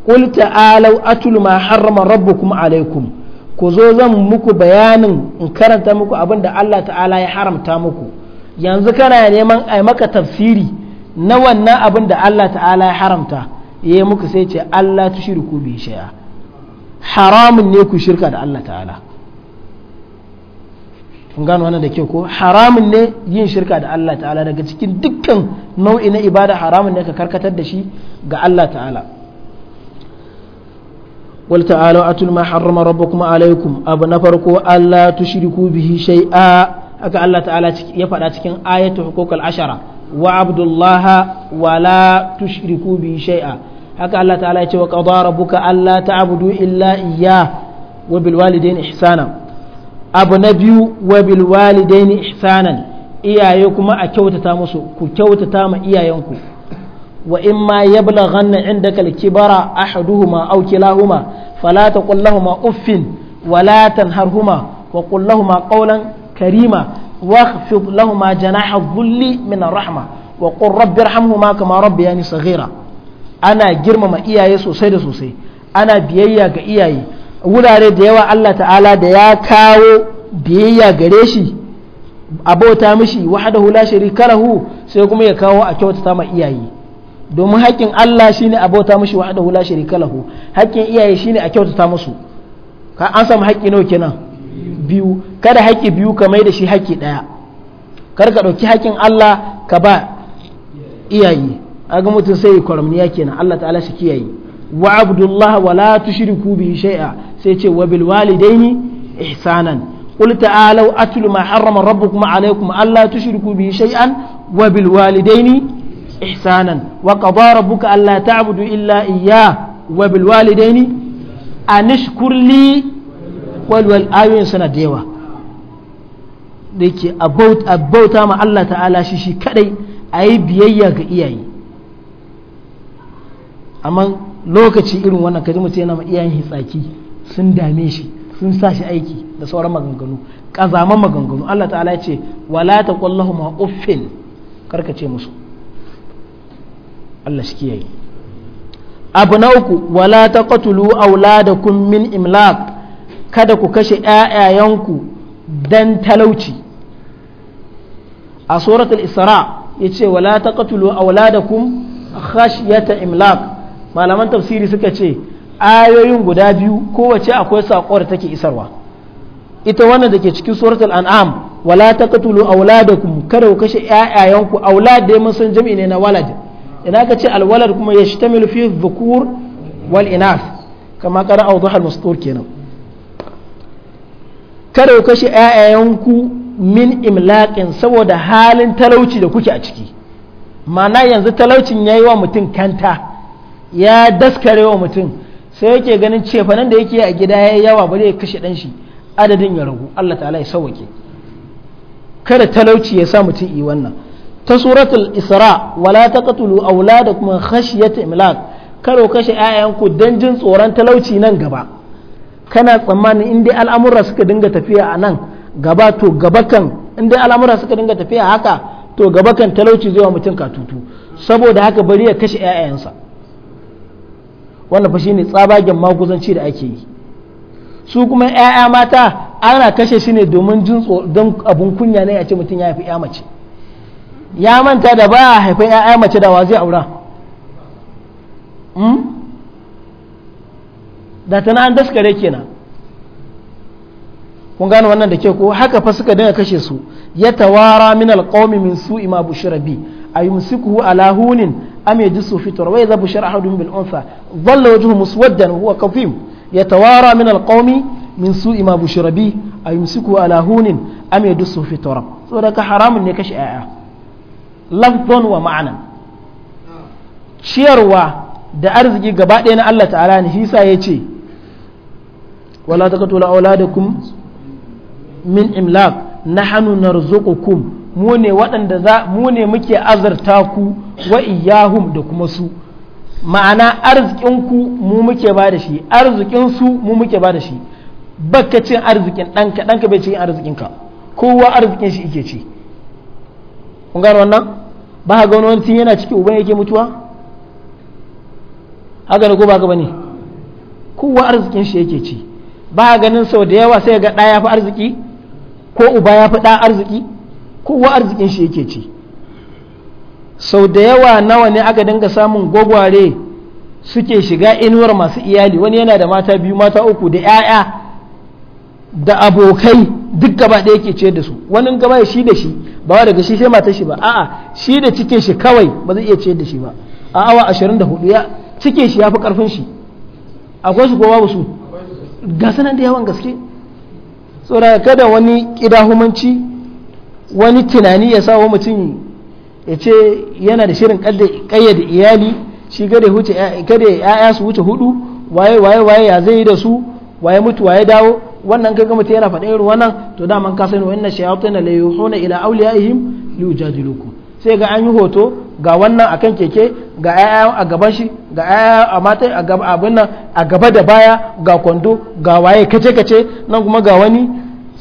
S1: qul ta'alau atul ma harrama rabbukum alaikum ku zo zan muku bayanin in karanta muku abinda Allah ta'ala ya haramta muku yanzu kana neman a maka tafsiri na wannan abinda Allah ta'ala ya haramta ya muku sai ce Allah tushriku bi shay'a haramun ne ku shirka da Allah ta'ala kun gano wannan da ko haramun ne yin shirka da Allah ta'ala daga cikin dukkan nau'i na ibada haramun ne ka karkatar da shi ga Allah ta'ala قل تعالوا أتل ما حرم ربكم عليكم أبو نفركم ألا تشركوا به شيئا أكا الله تعالى يفعل أتكين آية حقوق العشرة وعبد الله ولا تشركوا به شيئا أكا الله تعالى وقضى ربك ألا تعبدوا إلا إياه وبالوالدين إحسانا أبو نبي وبالوالدين إحسانا iyaye kuma a kyautata musu ku kyautata ma iyayenku wa in ma yablaghanna indaka al-kibara ahaduhuma aw kilahuma fala taqul lahumu uffin wala harhuma wa qul lahumu qawlan karima واخفض لهما جناح الذل من الرحمة وقل رب ارحمهما كما ربياني صغيرا أنا sosai ما إياي سوسي سوسي أنا بيايا كإياي wurare da yawa Allah ta'ala da ya kawo biyayya gare shi abota mishi wahdahu la sharika lahu sai kuma ya kawo a kyautata ma iyaye domin haƙƙin Allah shine a bauta mishi wahdahu la sharika lahu haƙƙin iyaye shine a kyautata musu ka an samu haƙƙi nawa kenan biyu kada haƙƙi biyu ka mai da shi haƙƙi ɗaya kar ka ɗauki haƙƙin Allah ka ba iyaye aga mutum sai ya kwaramniya kenan Allah ta'ala shi kiyaye wa abdullahi wa la tushriku bihi shay'a sai ce wa bil walidaini ihsanan قل تعالوا أتل ما حرم ربكم عليكم ألا تشركوا به شيئا وبالوالدين ihsanan wa qada rabbuka alla ta'budu illa iyya wa bil walidaini anishkur li wal wal ayoyin suna da yawa da yake abauta ma Allah ta'ala shi shi kadai a yi biyayya ga iyaye amma lokaci irin wannan kaji mutum yana ma iyayen hitsaki sun dame shi sun sa shi aiki da sauran maganganu ƙazaman maganganu Allah ta'ala ce wala taqullahu ma uffin karka ce musu Allah shi kiyaye abu na uku wala taqtulu auladakum min imlaq kada ku kashe ƴaƴayanku dan talauci a suratul isra yace wala taqtulu auladakum khashyata imlaq malaman tafsiri suka ce ayoyin guda biyu kowace akwai saƙo da take isarwa ita wannan da ke cikin suratul an'am wala taqtulu auladakum kada ku kashe ƴaƴayanku aulad dai mun san jami'i ne na walad ina ka ce alwalad kuma ya shtamilu milfi zukur wal inaf kama kana awdaha al kenan kada ku kashe ƴaƴayenku min imlaƙin saboda halin talauci da kuke a ciki ma'ana yanzu talaucin yi wa mutum kanta ya daskare wa mutum sai yake ganin cefanen da yake a gida ya yawa ba zai kashe ɗanshi adadin ya ragu Allah ta'ala ya sauke kada talauci ya sa mutum yi wannan ta suratul isra wala taqtulu auladakum khashyat imlak karo kashe ku dan jin tsoron talauci nan gaba kana tsammanin in dai al'amura suka dinga tafiya a nan gaba to gaba kan in dai al'amura suka dinga tafiya haka to gaba kan talauci zai wa mutum katutu saboda haka bari ya kashe ƴaƴansa wannan fa shine tsabagen maguzanci da ake yi su kuma ƴaƴa mata ana kashe shi ne domin jin don abun kunya ne a ce mutum ya haifi ƴa mace ya manta da ba a haifai ‘ya'ya mace da wa zai aura hmm? da ta na an daskare kenan kun gane wannan da ke ko haka fa suka dinga kashe su ya tawara min alqawmi min su'i ma bushira bi ayumsikuhu ala hunin am yajisu fi turab wa idha bushira ahadun bil untha dhalla wajhuhu muswaddan huwa ya yatawara min alqawmi min su'i ma bushira bi ayumsikuhu ala hunin am yajisu fi turab saboda ka haramun ne kashe yaya. lafdon wa ma'anan ciyarwa da arziki gaba ɗaya na Allah ta'ala ne shi sa ya ce wala da auladakum min imlaq nahnu kum mu ne waɗanda za mu ne muke azarta ku wa iyahum da kuma su ma'ana arzikinku mu muke ba da shi arzikinsu mu muke ba da shi baka cin arzikin ɗanka ɗanka bai cin arzikinka kowa arzikin shi ike ci kun gano wannan ba ga wani yana ciki uban yake mutuwa haka ne ko ba ka bane kowa arzikin shi yake ci ba ganin sau da yawa sai ga ya fi arziki ko uba ya fi ɗa arziki kowa arzikin shi yake ci sau da yawa nawa ne aka dinga samun gwagware suke shiga inuwar masu iyali wani yana da mata biyu mata uku da 'ya'ya da abokai duk gaba ɗaya yake ciyar da su wani gaba ya shi da shi ba daga shi sai mata shi ba a'a shi da cikin shi kawai ba zai iya ciyar da shi ba a awa 24 ya cike shi ya fi karfin shi akwai su ko babu su ga sanan da yawan gaske saboda kada wani kidahumanci wani tunani ya sawo mutum ya ce yana da shirin kayyade iyali shi kada ya huce kada ya'ya su wuce hudu waye waye waye ya zai yi da su waye mutu waye dawo wannan kaga mutum yana faɗa irin wannan to da man ka sani inna shayatin la yuhuna ila awliyaihim liyujadilukum sai ga an yi hoto ga wannan akan keke ga ayaya a gaban shi ga ayaya a mata a gaba abin nan a gaba da baya ga kwando ga waye kace kace nan kuma ga wani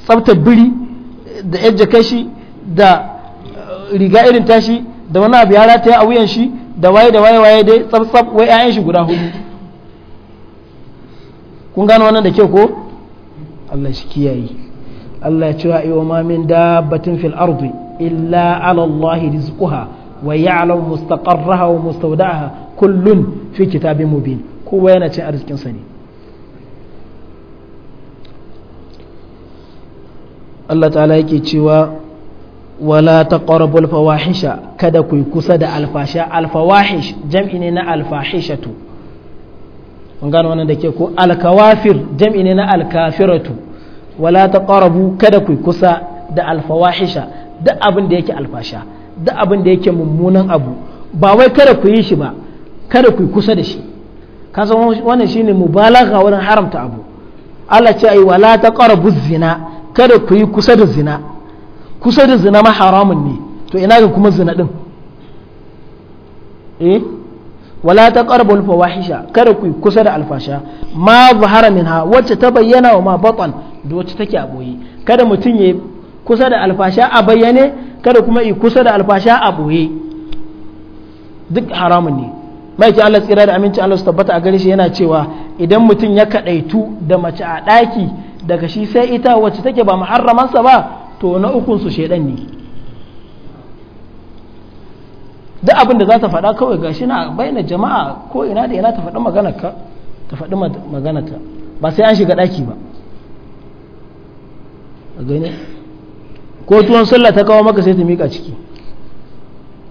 S1: tsaftar biri da yajja kashi da uh, riga irin tashi da wani abu ya rataya a wuyan shi da waye da waye waye dai tsaf tsaf wai 'ya'yan shi guda hudu kun gano wannan da ke ko Allah shi kiyaye Allah ya ce wa ma batun dabbatin fil ardi illa ala Allah rizquha wa ya'lamu mustaqarraha wa mustawda'aha kullun fi kitabin mubin kowa yana cin arzikin sa ne Allah ta'ala yake cewa wala taqrabul fawahisha kada ku kusa da alfasha alfawahish jam'i ne na alfahishatu mun gano wannan da ke ko alkawafir jam'i ne na alkafiratu wala taqrabu kada ku kusa da alfawahisha da abin da yake alfasha da abin da yake mummunan abu ba wai kada ku yi shi ba kada ku kusa da shi ka san wannan shine mubalagha wurin haramta abu Allah ce ai wala taqrabu zina kada ku yi kusa da zina kusa da zina ma haramun ne to ina ga kuma zina din eh wala ta ƙarbul fawahisha kada ku kusa da alfasha ma zahara minha wacce ta bayyana wa ma batan da wacce take a boye kada mutum ya kusa da alfasha a bayyane kada kuma yi kusa da alfasha a boye duk haramun ne mai ki Allah tsira da aminci Allah su tabbata a gare shi yana cewa idan mutum ya kadaitu da mace a ɗaki daga shi sai ita wacce take ba muharramansa ba to na ukun su shedan ne duk abin da za ta faɗa kawai ga shi na bayyana jama'a ko ina da ina ta faɗi magana ka ta faɗi magana ta ba sai an shiga ɗaki ba gani ko tuwon sallah ta kawo maka sai ta miƙa ciki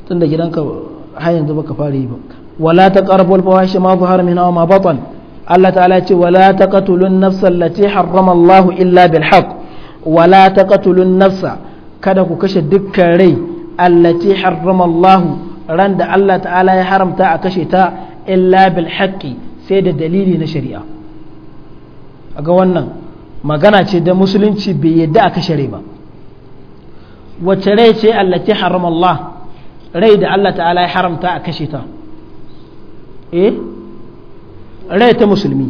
S1: tunda gidanka har yanzu baka fara yi ba wala ta qarbu al fawahisha ma zuhar min wa ma batan Allah ta'ala ya ce wala ta taqtulun nafsa lati harrama Allah illa bil haqq wala taqtulun nafsa kada ku kashe dukkan rai allati harrama Allah ran da Allah ta'ala ya haramta a kashe ta illa bil haqqi sai da dalili na shari'a ga wannan magana ce da musulunci bai yadda a kashe ba wacce rai ce allati haram Allah rai da Allah ta'ala ya haramta a kashe ta eh rai ta musulmi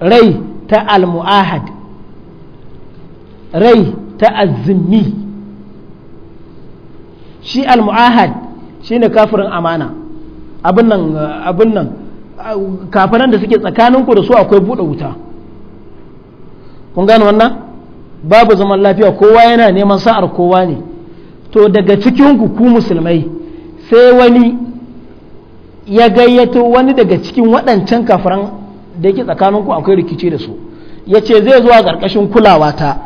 S1: rai ta almu'ahad rai ta azumi shi almu'ahad shine kafirin amana abin nan abin nan da suke tsakaninku da su akwai buɗe wuta kun gane wannan babu zaman lafiya kowa yana neman sa'ar kowa ne to daga cikin ku musulmai sai wani ya gayyato wani daga cikin waɗancan kafiran da yake tsakaninku akwai rikici da su ya ce zai zuwa ƙarƙashin kulawa ta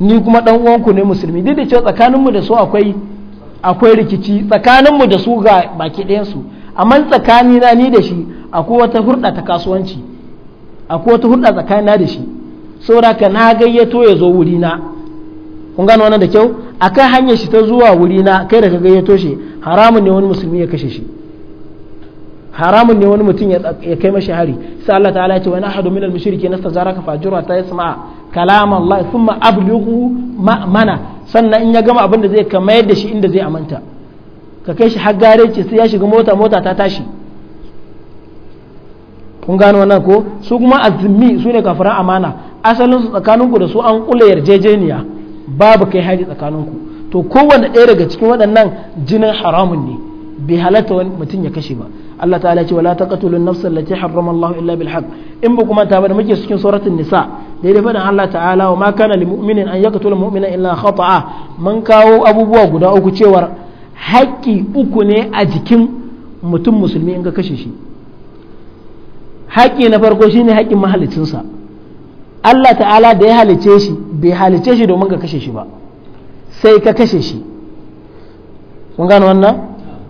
S1: ni kuma ɗan uwanku ne musulmi duk da cewa tsakaninmu da su akwai akwai rikici tsakaninmu da su ga baki ɗayansu amma tsakanina ni da shi akwai wata hurɗa ta kasuwanci akwai wata hurɗa tsakanina da shi ka na gayyato ya zo wurina kun gano wannan da kyau akan hanyar shi ta zuwa wurina kai da ka gayyato shi haramun ne wani musulmi ya kashe shi haramun ne wani mutum ya kai mashi hari sai Allah ta'ala ya ce wani ahadu minal mushriki nastazaraka fajura ta yasma kalam Allah thumma ablighu mana sannan in ya gama abin da zai kama yadda shi inda zai amanta ka kai shi har ce sai ya shiga mota mota ta tashi kun gano wannan ko su kuma azumi su ne kafiran amana asalin su ku da su an kula yarjejeniya babu kai hari tsakanin ku to kowanne ɗaya daga cikin waɗannan jinin haramun ne bai halatta wani mutum ya kashe ba Allah ta'ala ce wala taqtulun nafsal lati harrama Allah illa bil haqq in ba kuma ta ba da muke cikin suratul nisa daidai faɗin Allah ta'ala wa ma kana lil mu'minin an yaqtula mu'mina illa khata'a man kawo abubuwa guda uku cewar haƙƙi uku ne a jikin mutum musulmi in ka kashe shi haƙƙi na farko shine haƙƙin mahalicinsa Allah ta'ala da ya halice shi bai halice shi domin ka kashe shi ba sai ka kashe shi kun gano wannan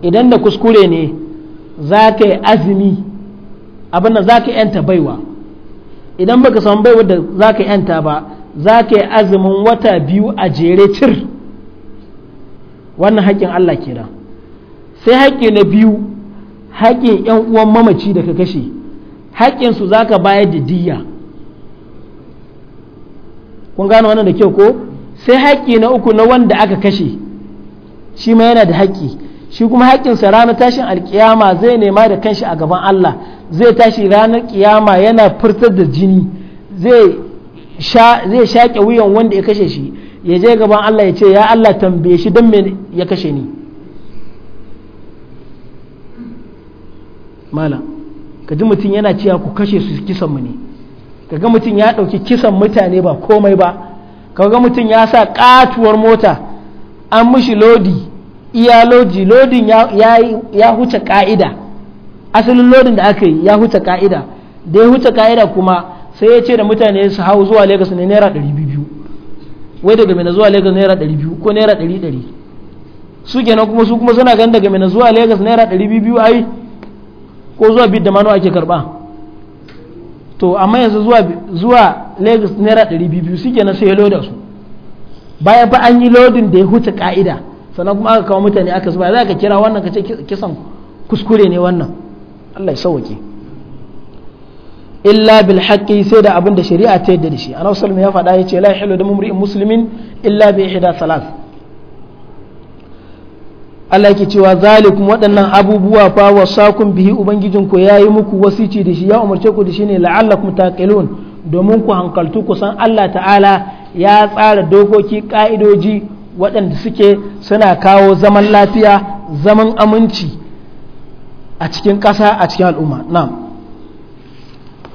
S1: idan da kuskure ne za ka yi azumi abin da za ka yanta baiwa idan baka san baiwar da za yanta ba zaka yi azumin wata biyu a jere cir wannan haƙƙin Allah da. sai haƙƙi na biyu haƙƙin yan uwan mamaci da ka kashe haƙƙinsu su za bayar da diya kun gano wannan da kyau ko sai haƙƙi na uku na wanda aka kashe shi ma yana da haƙƙi shi kuma haƙƙinsa ranar tashin alkiyama zai nema da kanshi a gaban Allah zai tashi ranar kiyama yana furtar da jini zai shaƙe wuyan wanda ya kashe shi ya je gaban Allah ya ce ya Allah tambaye shi don me ya kashe ni mala ka ji mutum yana cewa ku kashe su kisan mu ne ka ga mutum ya ɗauki kisan mutane ba komai ba ka ga mutum ya sa ƙatuwar mota an mishi lodi iya lodi lodin ya huce ƙa'ida asalin lodin da aka yi ya huta ka'ida da ya huta ka'ida kuma sai ya ce da mutane su hau zuwa Lagos ne naira 200 biyu wai daga mina zuwa Lagos naira 200 biyu ko naira 100 su kenan kuma su kuma suna gan daga mina zuwa Lagos naira 200 biyu ai ko zuwa bid da manu ake karba to amma yanzu zuwa zuwa lagos naira 200 biyu su kenan sai ya loda su bayan fa an yi lodin da ya huta ka'ida sannan kuma aka kawo mutane aka zuba za ka kira wannan ka ce kisan kuskure ne wannan Allah ya sauwake illa bil haqqi sai da abin da shari'a ta yadda da shi anaw sallam ya faɗa yace la yahillu damu mri'in muslimin illa bi ihda salas Allah yake cewa zalikum waɗannan abubuwa fa wasakum bihi ubangijin ku yayi muku wasici da shi ya umarce ku da shi ne la'allakum taqilun domin ku hankaltu ku san Allah ta'ala ya tsara dokoki ka'idoji waɗanda suke suna kawo zaman lafiya zaman aminci a cikin ƙasa a cikin al'umma na'am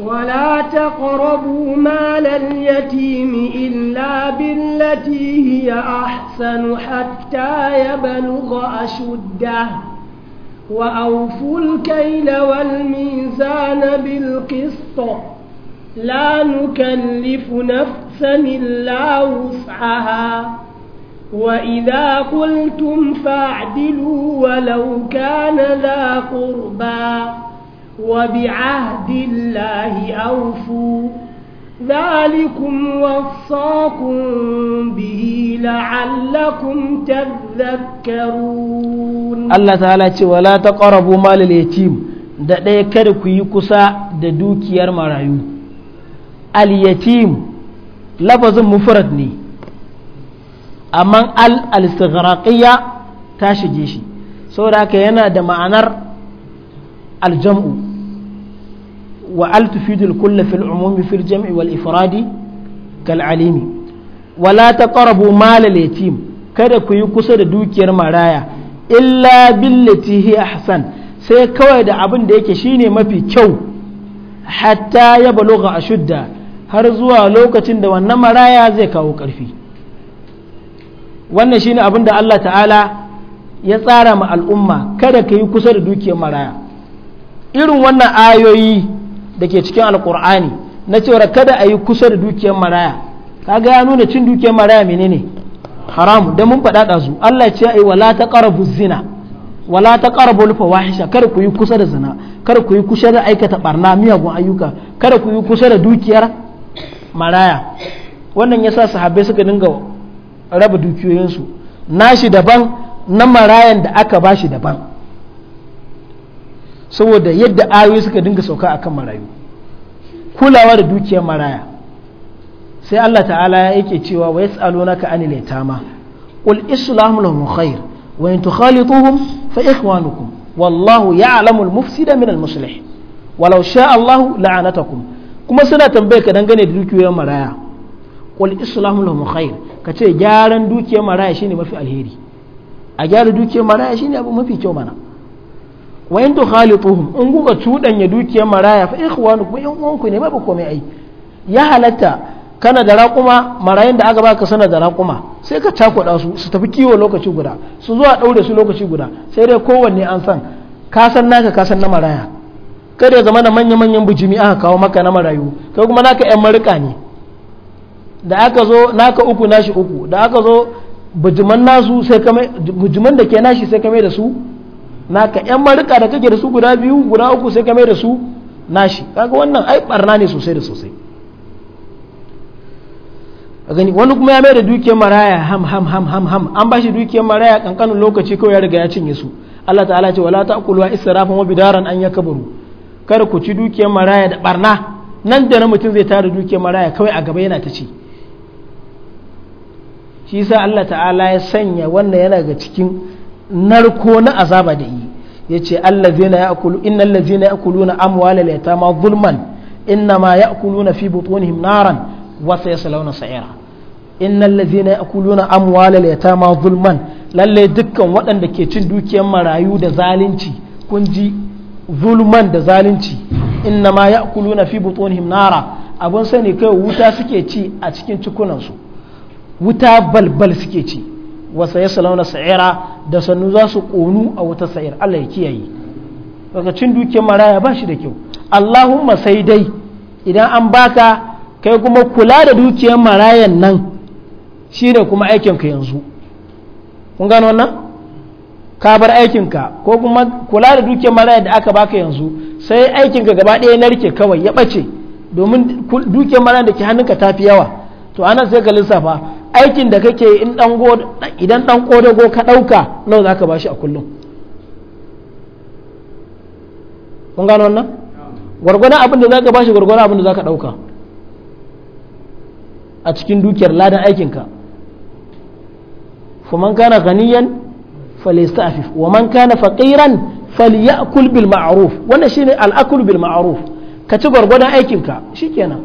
S2: ولا تقربوا مال اليتيم إلا بالتي هي أحسن حتى يبلغ أشده وأوفوا الكيل والميزان بالقسط لا نكلف نفسا إلا وسعها وإذا قلتم فاعدلوا ولو كان ذا قربى وبعهد الله أوفوا ذلكم وصاكم به لعلكم تذكرون
S1: الله تعالى ولا تقربوا مال اليتيم da ɗaya kada ku yi kusa da dukiyar marayu al-yatim lafazin mufrad ne amma al-istighraqiyya ta shige shi saboda haka yana da ma'anar aljam'u wa al tufidul kulla fil umumi fil jam'i wal ifradi kal alimi wala taqrabu mal al yatim kada ku yi kusa da dukiyar maraya illa billati hi ahsan sai kawai da abin da yake shine mafi kyau hatta ya balugha ashudda har zuwa lokacin da wannan maraya zai kawo ƙarfi wannan shine abin da Allah ta'ala ya tsara ma al'umma kada ka yi kusa da dukiyar maraya irin wannan ayoyi da ke cikin alkur'ani na cewar kada a yi kusa da dukiyar maraya kaga ya nuna cin dukiyar maraya menene haram da mun faɗa da su Allah ce ai wala taqrabu zina wala taqrabu fawahisha kada ku yi kusa da zina kada ku yi kusa da aikata barna miyagun ayyuka kada ku yi kusa da dukiyar maraya wannan yasa sahabbai suka dinga raba dukiyoyinsu nashi daban na marayan da aka ba shi daban saboda yadda ayoyi suka dinga sauka akan marayu kulawa da dukiyar maraya sai Allah ta'ala ya yake cewa wa yas'alunaka anil yatama ƙul islamu lahum khair wa in tukhalituhum fa ikhwanukum wallahu ya'lamu al-mufsida min al-muslih walau sha Allah la'anatakum kuma suna tambayar ka dangane da dukiyoyin maraya qul islamu lahum khair kace gyaran dukiyar maraya shine mafi alheri a gyara dukiyar maraya shine abu mafi kyau mana wa in tukhalituhum in kuka cudanya dukiyar maraya fa ikhwanukum in uwanku ne ba komai ai ya halatta kana da raƙuma marayan da aka baka sana da raƙuma sai ka cakuɗa su su tafi kiwo lokaci guda su zuwa ɗaure su lokaci guda sai dai kowanne an san ka san naka ka san na maraya kada ya zama da manya-manyan bujimi aka kawo maka na marayu kai kuma naka 'yan marika ne da aka zo naka uku nashi uku da aka zo bujuman nasu sai kame bujuman da ke nashi sai kame da su naka yan marika da kake da su guda biyu guda uku sai kame da su nashi kaga wannan ai barna ne sosai da sosai a gani wani kuma ya mai da dukiyar maraya ham ham ham ham ham an ba shi dukiyar maraya kankanin lokaci kawai ya riga ya cinye su Allah ta'ala ce wala ta'kulu israfan wa bidaran an yakburu kada ku ci dukiyar maraya da barna nan da na mutum zai tara dukiyar maraya kawai a gaba yana ta ci shi yasa Allah ta'ala ya sanya wannan yana ga cikin narko na azaba da yi yace allazina ya'kulu innal ladzina ya'kuluna amwalal yatama zulman ma ya'kuluna fi butunihim naran wa sayaslawna sa'ira innal ladzina ya'kuluna amwalal yatama zulman lalle dukkan waɗanda ke cin dukiyar marayu da zalunci kun ji zulman da zalunci Inna ma ya'kuluna fi butunihim nara abun sani kai wuta suke ci a cikin cikunansu su wuta balbal suke ci wasa ya salauna sa'ira da sannu za su ƙonu a wata sa'ir Allah ya kiyaye daga cin dukiyar maraya ba shi da kyau Allahumma sai dai idan an baka kai kuma kula da dukiyar marayan nan shine kuma aikinka yanzu kun gano wannan ka bar aikinka ko kuma kula da dukiyar marayan da aka baka yanzu sai aikinka gaba ɗaya narke kawai ya ɓace domin dukiyar marayan da ke hannunka ta fi yawa to anan sai ka lissafa aikin da kake idan dan kodago ka ɗauka nawa za ka ba shi a kullum kun gano wannan gwargwadon abin da za ka ba shi gwargwadon abin da za ka ɗauka a cikin dukiyar ladan aikinka man kana ganiyan falistafif wa man kana faqiran falyakul bil ma'ruf wannan shine al'akul bil ma'ruf ka ci gwargwadon aikinka shikenan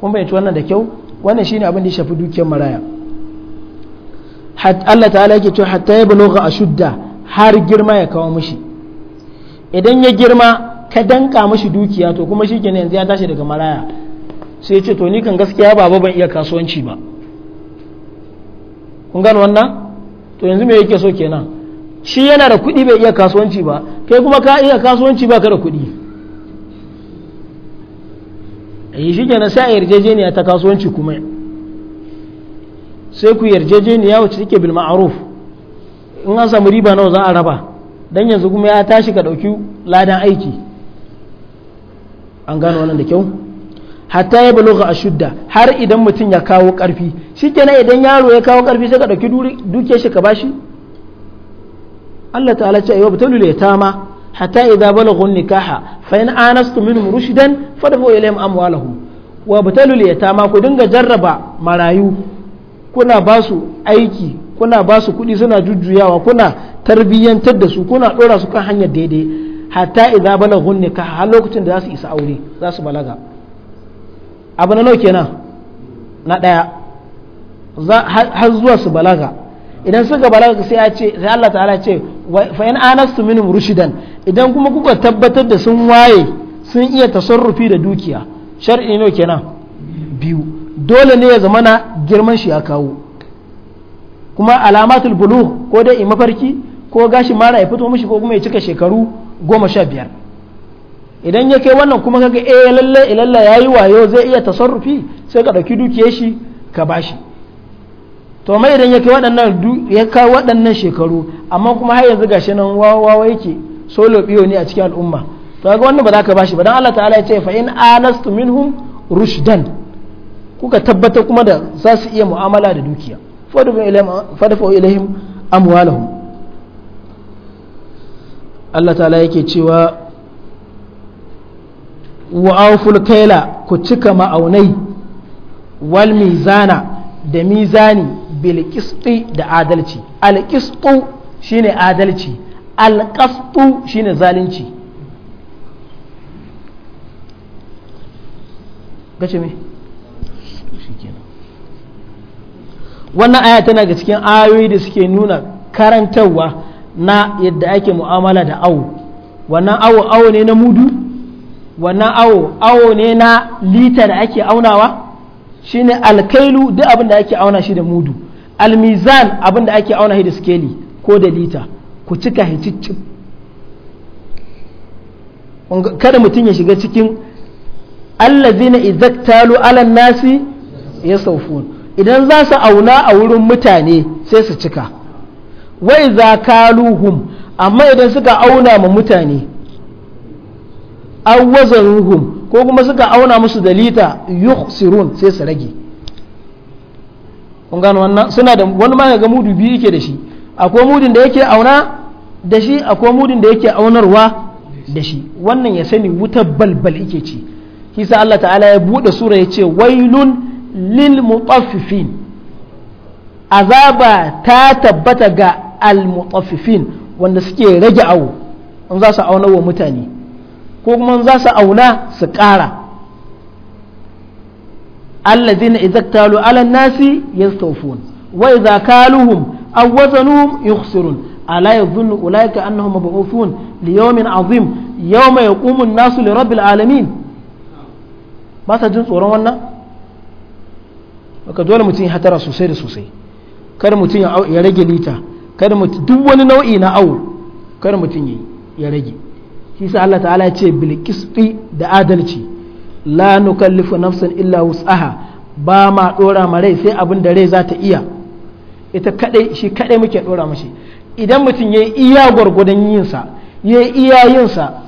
S1: kun bayyanci wannan da kyau wannan shine abin da ya shafi dukiyar maraya Allah ta'ala yake cewa hatta ya buluga ashudda har girma ya kawo mishi idan ya girma ka danka mishi dukiya to kuma shi kenan yanzu ya tashi daga maraya sai ya ce to ni kan gaskiya baba ban iya kasuwanci ba kun gano wannan to yanzu me yake so kenan shi yana da kuɗi bai iya kasuwanci ba kai kuma ka iya kasuwanci ba ka da kuɗi yi eh, shi kenan sai a yarjejeniya ta kasuwanci kuma sai ku yarjejeniya wacce take bil ma'ruf in an samu riba nawa za a raba dan yanzu kuma ya tashi ka dauki ladan aiki an gano wannan da kyau hatta ya baloga a shudda har idan mutum ya kawo karfi shi idan yaro ya kawo karfi sai ka dauki duke shi ka bashi Allah ta'ala ce ayyuba tulul yatama حتى إذا بلغوا النكاح فإن آنستم منهم رشدا فدفعوا إليهم أموالهم وابتلوا اليتامى كدنجا جربا مرايو كنا باسو أيكي kuna ba su kuɗi suna jujjuyawa kuna tarbiyyantar da su kuna ɗora su kan hanyar daidai hatta idza balaghun nikah har lokacin da za su isa aure za su balaga abu na nawa kenan na ɗaya har zuwa su balaga idan suka balaga sai ya ce sai Allah ta'ala ce fa in anastu minhum rushidan idan kuma kuka tabbatar da sun waye sun iya tasarrufi da dukiya shar'i ne kenan biyu dole ne ya zama na girman shi ya kawo kuma alamatul bulu ko dai mafarki ko gashi mara ya fito mishi ko kuma ya cika shekaru goma sha biyar idan ya kai wannan kuma kaga eh lalle ilalla yayi wayo zai iya tasarrufi sai ka dauki dukiyar shi ka bashi to mai idan ya kai waɗannan shekaru amma kuma har yanzu gashi nan wawa yake solo biyo ne a cikin al'umma to ga wannan ba za ka bashi ba dan Allah ta'ala ya ce fa in anastu minhum rushdan kuka tabbata kuma da za su iya mu'amala da dukiya fadafu fadafu ilaihim amwalahum Allah ta'ala yake cewa wa'aful kaila ku cika ma'aunai wal mizana da mizani bilkisti da adalci alkistu shine adalci alkastu shine zalunci gace me wannan aya tana ga cikin ayoyi da suke nuna karantarwa na yadda ake mu'amala da awo wannan awo awo ne na mudu wannan awo awo ne na lita da ake aunawa shine alkailu duk abin da ake auna shi da mudu almizan abinda ake auna da skeli ko da lita ku cika hicicin kada mutum ya shiga cikin allazina izaktalu alan nasi ya saufun idan za su auna a wurin mutane sai su cika wai za kaluhum amma idan suka auna ma mutane an wazaruhum ko kuma suka auna musu da lita sirun sai su rage kun gano wannan suna da wani ma ga mudu biyu yake da shi akwai mudin da yake auna da shi akwai mudin da yake aunarwa da shi wannan ya sani wuta balbal yake ci shi Allah ta'ala ya bude sura ya ce wailun lil mutaffifin azaba ta tabbata ga al mutaffifin wanda suke rage awo in za su auna wa mutane ko kuma za su auna su ƙara alladhina idza talu ala nasi yastawfun wa idza kaluhum aw wazanuhum yukhsirun ala yadhunnu ulaika annahum mab'uthun li yawmin 'azim yawma yaqumu an-nasu li rabbil alamin ba sa jin tsoron wannan dole mutum ya hatara sosai da sosai kar mutum ya rage lita kar mutum duk wani nau'i na awo kar mutum ya rage shi sa Allah ta'ala ya ce bil da adalci la nukallifu nafsan illa wus'aha ba ma dora ma rai sai abin da rai za ta iya ita kadai shi kadai muke dora mashi idan mutum yayi iya gwargwadon yin sa yayi iya yin sa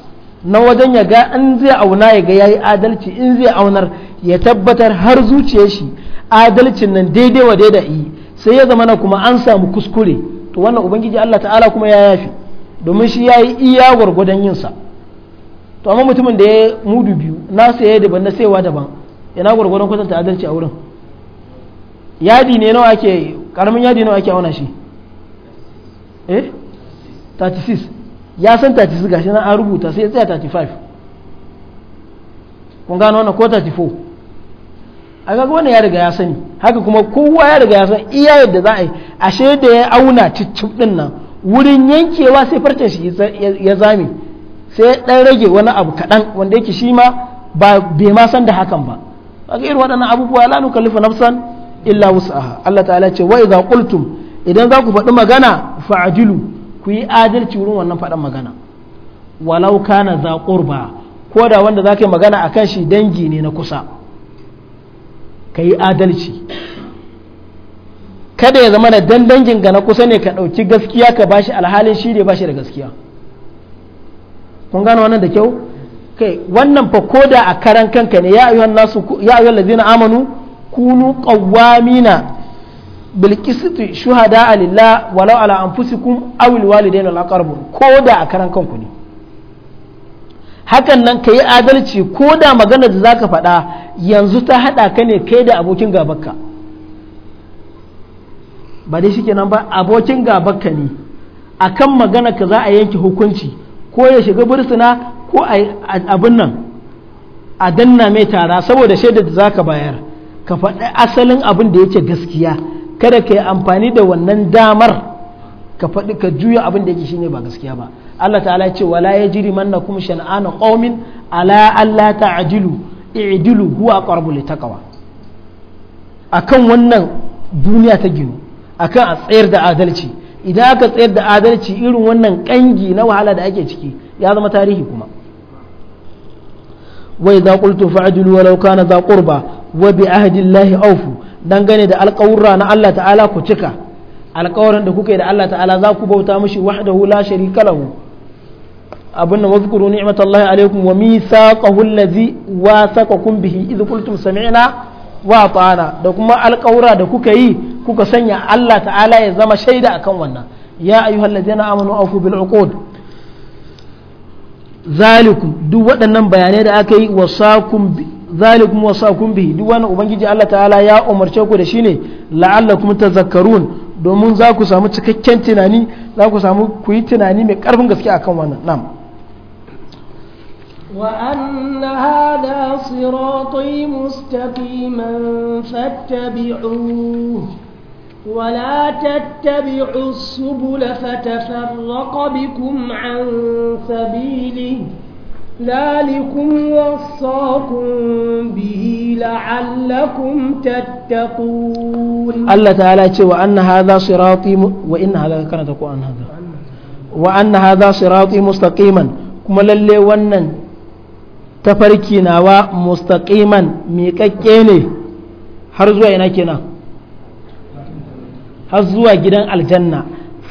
S1: na wajen ya ga in zai auna ya ga yayi adalci in zai aunar ya tabbatar har zuciyar shi adalcin nan daidai wa daida sai ya zama na kuma an samu kuskure to wannan ubangiji Allah ta'ala kuma ya yafi domin shi yayi iya gwargwadon yin sa to amma mutumin da ya mudu biyu na saye daban na saiwa daban yana gwargwaron kwatanta adalci a wurin yadi ne nawa ake karamin yadi nawa ake auna shi eh 36 ya san 36 gashi na an rubuta sai ya tsaya 35 kun gano wannan ko 34 a ga wannan ya riga ya sani haka kuma kowa ya riga ya san iya yadda za a yi ashe da ya auna cicci din nan wurin yankewa sai farcen shi ya zame sai ɗan rage wani abu kaɗan wanda yake shi ma ba bai ma san da hakan ba kaga irin waɗannan abubuwa la nukallifu nafsan illa wus'aha Allah ta'ala ce wa idza qultum idan za ku faɗi magana fadilu ku yi adalci wurin wannan faɗin magana walau kana za qurba ko da wanda za ka yi magana akan shi dangi ne na kusa ka yi adalci kada ya zama da dan dangin ga na kusa ne ka ɗauki gaskiya ka bashi alhalin shi ne bashi da gaskiya kun gano wannan da kyau kai wannan fa koda a karan kanka ne ya ayyuhan nasu ya ayyuhal ladina amanu kunu qawwamina bil qisti shuhada lillah walau ala anfusikum aw al walidain wal aqrabun koda a karan kanku ne hakan nan yi adalci koda magana da zaka faɗa yanzu ta hada ka ne kai da abokin gabanka ba dai shikenan ba abokin gabanka ne akan magana ka za a yanke hukunci ko ya shiga bursuna ko a abin nan a danna mai tara saboda shaidar da zaka bayar ka faɗi asalin abin da yake gaskiya kada ka yi amfani da wannan damar ka faɗi ka juya abin da yake shine ba gaskiya ba Allah ta'ala ya ce wala manna kuma shan'ana ƙaumin ala alla ta'jilu i'dilu huwa aqrabu takawa akan wannan duniya ta ginu akan a tsayar da adalci idan aka tsayar da adalci irin wannan kangi na wahala da ake ciki ya zama tarihi kuma wai za qultu fa'dilu walau kana za qurba wa bi ahdi awfu dangane da alƙawurra na Allah ta'ala ku cika alƙawarin da kuke da Allah ta'ala za ku bauta mishi wahdahu la sharika lahu abin da wazkuru ni'matallahi alaikum wa mithaqahu allazi wasaqakum bihi idh qultum sami'na wa ta'ana da kuma alƙawura da kuka yi kuka sanya Allah ta'ala ya zama shaida akan wannan ya ayyuhal ladina amanu aku bil uqud zalikum duk waɗannan bayanai da aka yi wasakum zalikum wasakum bi duk wannan ubangiji Allah ta'ala ya umarce ku da shine la'allakum tazakkarun domin za ku samu cikakken tunani za ku samu ku yi tunani mai ƙarfin gaske akan wannan na'am
S2: وأن هذا صراطي مستقيما فاتبعوه ولا تتبعوا السبل فتفرق بكم عن سبيله ذلكم وصاكم به لعلكم تتقون الله
S1: تعالى وأن هذا صراطي م... وإن هذا كانت أن هذا وأن هذا صراطي مستقيما كما للي ونن tafarki nawa mustaqiman miƙaƙƙe ne har zuwa ina kenan har zuwa gidan aljanna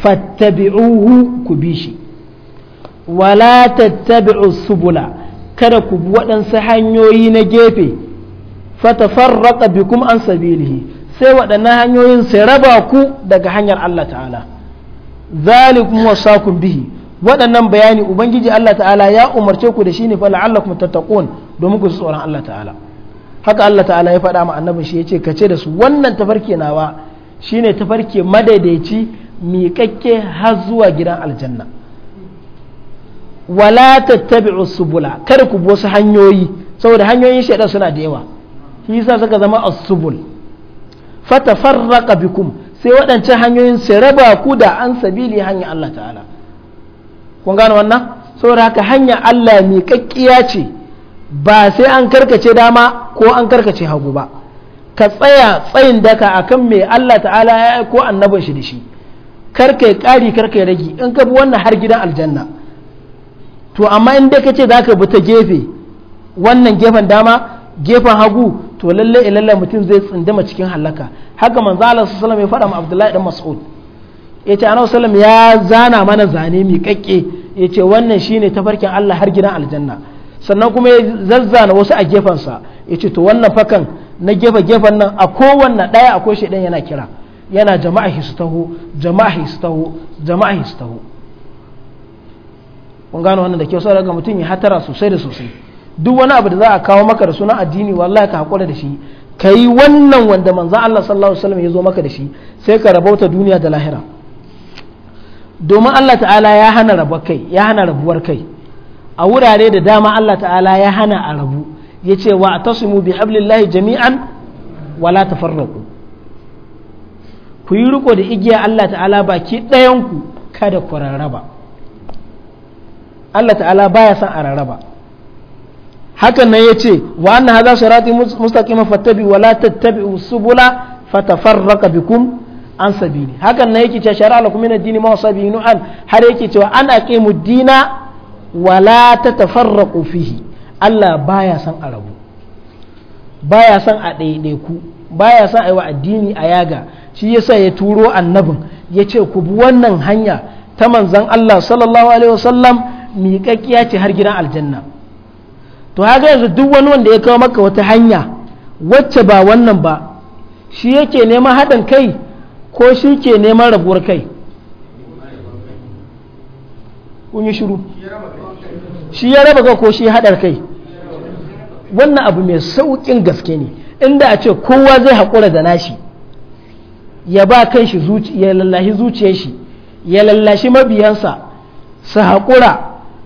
S1: fattabi'uhu ku bi shi wala tattabi'u subula kada ku bi waɗansu hanyoyi na gefe fatafarraqa bikum an sabilihi sai waɗannan hanyoyin sai raba ku daga hanyar Allah ta'ala zalikum wasakum bihi waɗannan bayani ubangiji Allah ta'ala ya umarce ku da shi ne fa la'allakum tattaqun domin ku tsoron Allah ta'ala haka Allah ta'ala ya faɗa ma annabin shi yace kace da su wannan tafarke nawa shine tafarke madaidaici miƙakke har zuwa gidan aljanna wala tattabi'u subula kada ku bi wasu hanyoyi saboda hanyoyin shaidan suna da yawa shi yasa suka zama as-subul fatafarraqa bikum sai waɗancan hanyoyin su raba ku da an sabili hanyar Allah ta'ala kun gane wannan saboda haka hanya Allah mai kakkiya ce ba sai an karkace dama ko an karkace hagu ba ka tsaya tsayin daka akan mai Allah ta'ala ya aiko annabin shi da shi karkai kari karkai ragi in ka bi wannan har gidan aljanna to amma in dai kace zaka bi ta gefe wannan gefen dama gefen hagu to lallai ilalla mutum zai tsindama cikin halaka haka manzo Allah sallallahu alaihi wasallam ya faɗa ma Abdullahi dan Mas'ud ya ce annabi ya zana mana zane mai kakke ya ce wannan shine tafarkin Allah har gidan aljanna sannan kuma ya zazzana wasu a gefensa ya ce to wannan fakan na gefe gefen nan a kowanne ɗaya a koshe ɗan yana kira yana jama'a taho jama'a taho jama'a taho. kun gano wannan da ke sai ga mutum ya hatara sosai da sosai duk wani abu da za a kawo maka da sunan addini wallahi ka hakura da shi ka yi wannan wanda manzan Allah sallallahu alaihi wasallam ya zo maka da shi sai ka rabauta duniya da lahira domin Allah ta'ala ya hana rabuwar kai ya hana rabuwar kai a wurare da dama Allah ta'ala ya hana a rabu ya ce wa a tasimu bi hablillahi jami'an wala tafarraqu ku yi riko da igiya Allah ta'ala baki ɗayanku kada ku rarraba Allah ta'ala baya son a rarraba hakan nan ya ce wa anna hadha sirati mustaqima fattabi wala tattabi'u subula fatafarraka bikum an sabili hakan na yake cewa shari'a lakum min ad-dini ma sabinu an har yake cewa an aqimu dina wala tatafarraqu fihi Allah baya san a rabu baya san a ɗaiɗaiku baya san a yi wa addini a yaga shi yasa ya turo annabin ya ce ku bi wannan hanya ta manzan Allah sallallahu alaihi wasallam miƙaƙƙiya ce har gidan aljanna to haka yanzu duk wani wanda ya kawo maka wata hanya wacce ba wannan ba shi yake neman haɗin kai ko shi ke neman rabuwar kai kun yi shiru shi ya raba kai ko shi haɗar kai wannan abu mai sauƙin gaske ne inda a ce kowa zai haƙura da nashi ya ba kan shi ya lallashi zuciyar shi ya lallashi mabiyansa su haƙura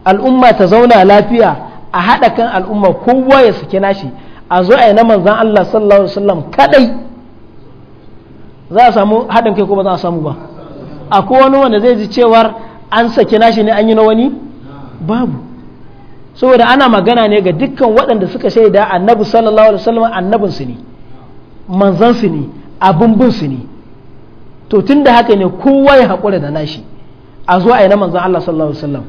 S1: al'umma ta zauna lafiya a haɗa kan al'umma kowa ya saki nashi a zo a yi na manzan Allah sallallahu alaihi wasallam kaɗai za a samu haɗin kai ko ba za a samu ba a wani wanda zai ji cewar an saki nashi ne an yi na wani babu saboda ana magana ne ga dukkan waɗanda suka shaida annabi sallallahu alaihi wasallam annabin su ne manzan su ne abun bin su ne to tun da haka ne kowa ya haƙura da nashi a zo a yi na manzan Allah sallallahu alaihi wasallam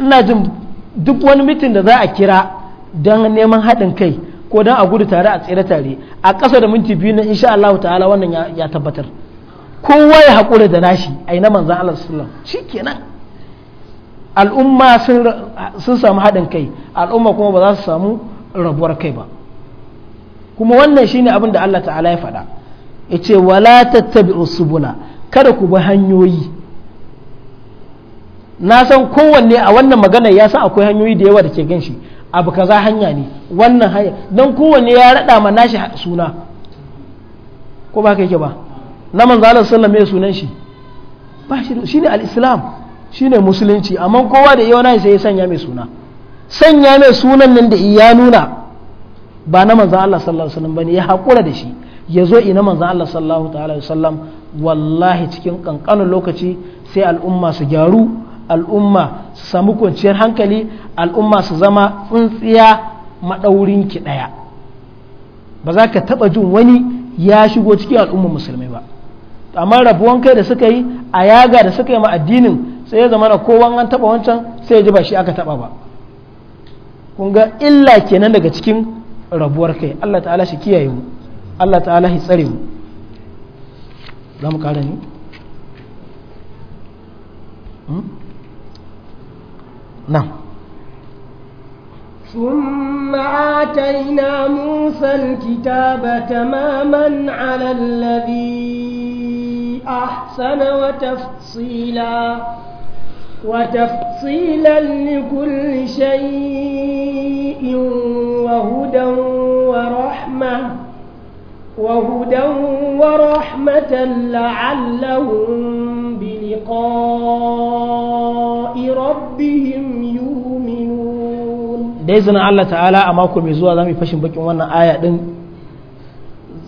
S1: ina jin duk wani mitin da za a kira don neman haɗin kai ko dan a gudu tare a tsere tare a ƙasa da minti biyu na insha Allah ta'ala wannan ya tabbatar kowa ya haƙura da nashi ai na manzan Allah sallallahu shikenan al'umma sun samu haɗin kai al'umma kuma ba za su samu rabuwar kai ba kuma wannan shine abin da Allah ta'ala ya faɗa ya ce wala tattabi'u subula kada ku bi hanyoyi na san kowanne a wannan magana ya san akwai hanyoyi da yawa da ke gan shi abu kaza hanya ne wannan hanya don kowanne ya raɗa ma nashi suna ko ba ka yake ba na manzalar sallam mai sunan shi ba shi ne al'islam shi ne musulunci amma kowa da yau nashi sai ya sanya mai suna sanya mai sunan nan da iya nuna ba na manzan Allah sallallahu alaihi wasallam bane ya haƙura da shi ya zo ina manzan Allah sallallahu alaihi wasallam wallahi cikin ƙanƙanin lokaci sai al'umma su gyaru al'umma su samu kwanciyar hankali al'umma su zama tsuntsiya maɗaurin ki ɗaya ba za ka taɓa jin wani ya shigo cikin al'ummar musulmai ba amma rabuwan kai da suka yi a yaga da suka yi ma addinin sai ya zama na kowa an taɓa wancan sai ya ji ba shi aka taɓa ba kun ga illa kenan daga cikin rabuwar kai Allah ta'ala shi kiyaye mu Allah ta'ala shi tsare mu za mu ƙara نعم
S2: ثم آتينا موسى الكتاب تماما على الذي أحسن وتفصيلا وتفصيلا لكل شيء وهدى ورحمه وهدى ورحمة لعلهم بلقاء ربهم يؤمنون
S1: da izinin Allah ta'ala a mako mai zuwa zamu fashin bakin wannan aya ɗin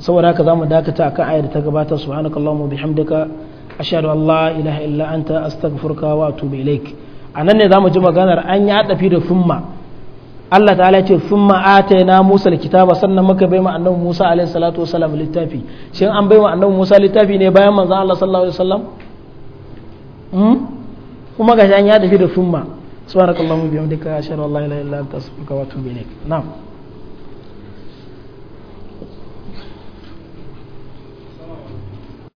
S1: saboda haka zamu dakata akan ayar da ta gabata subhanakallahumma bihamdika ashhadu an la ilaha illa anta astaghfiruka wa atubu ilaik anan ne zamu ji maganar an yi adafi da thumma Allah ta'ala ce sun ma'ata na Musa kitaba sannan muka bai ma annabi Musa alaihi salatu wasallam littafi shin an bai ma annabi Musa littafi ne bayan manzo Allah sallallahu alaihi wasallam hmm? kuma ga an ya tafi da summa subhanakallahumma bihamdika ashhadu an la ilaha illa anta astaghfiruka wa atubu ilaik na'am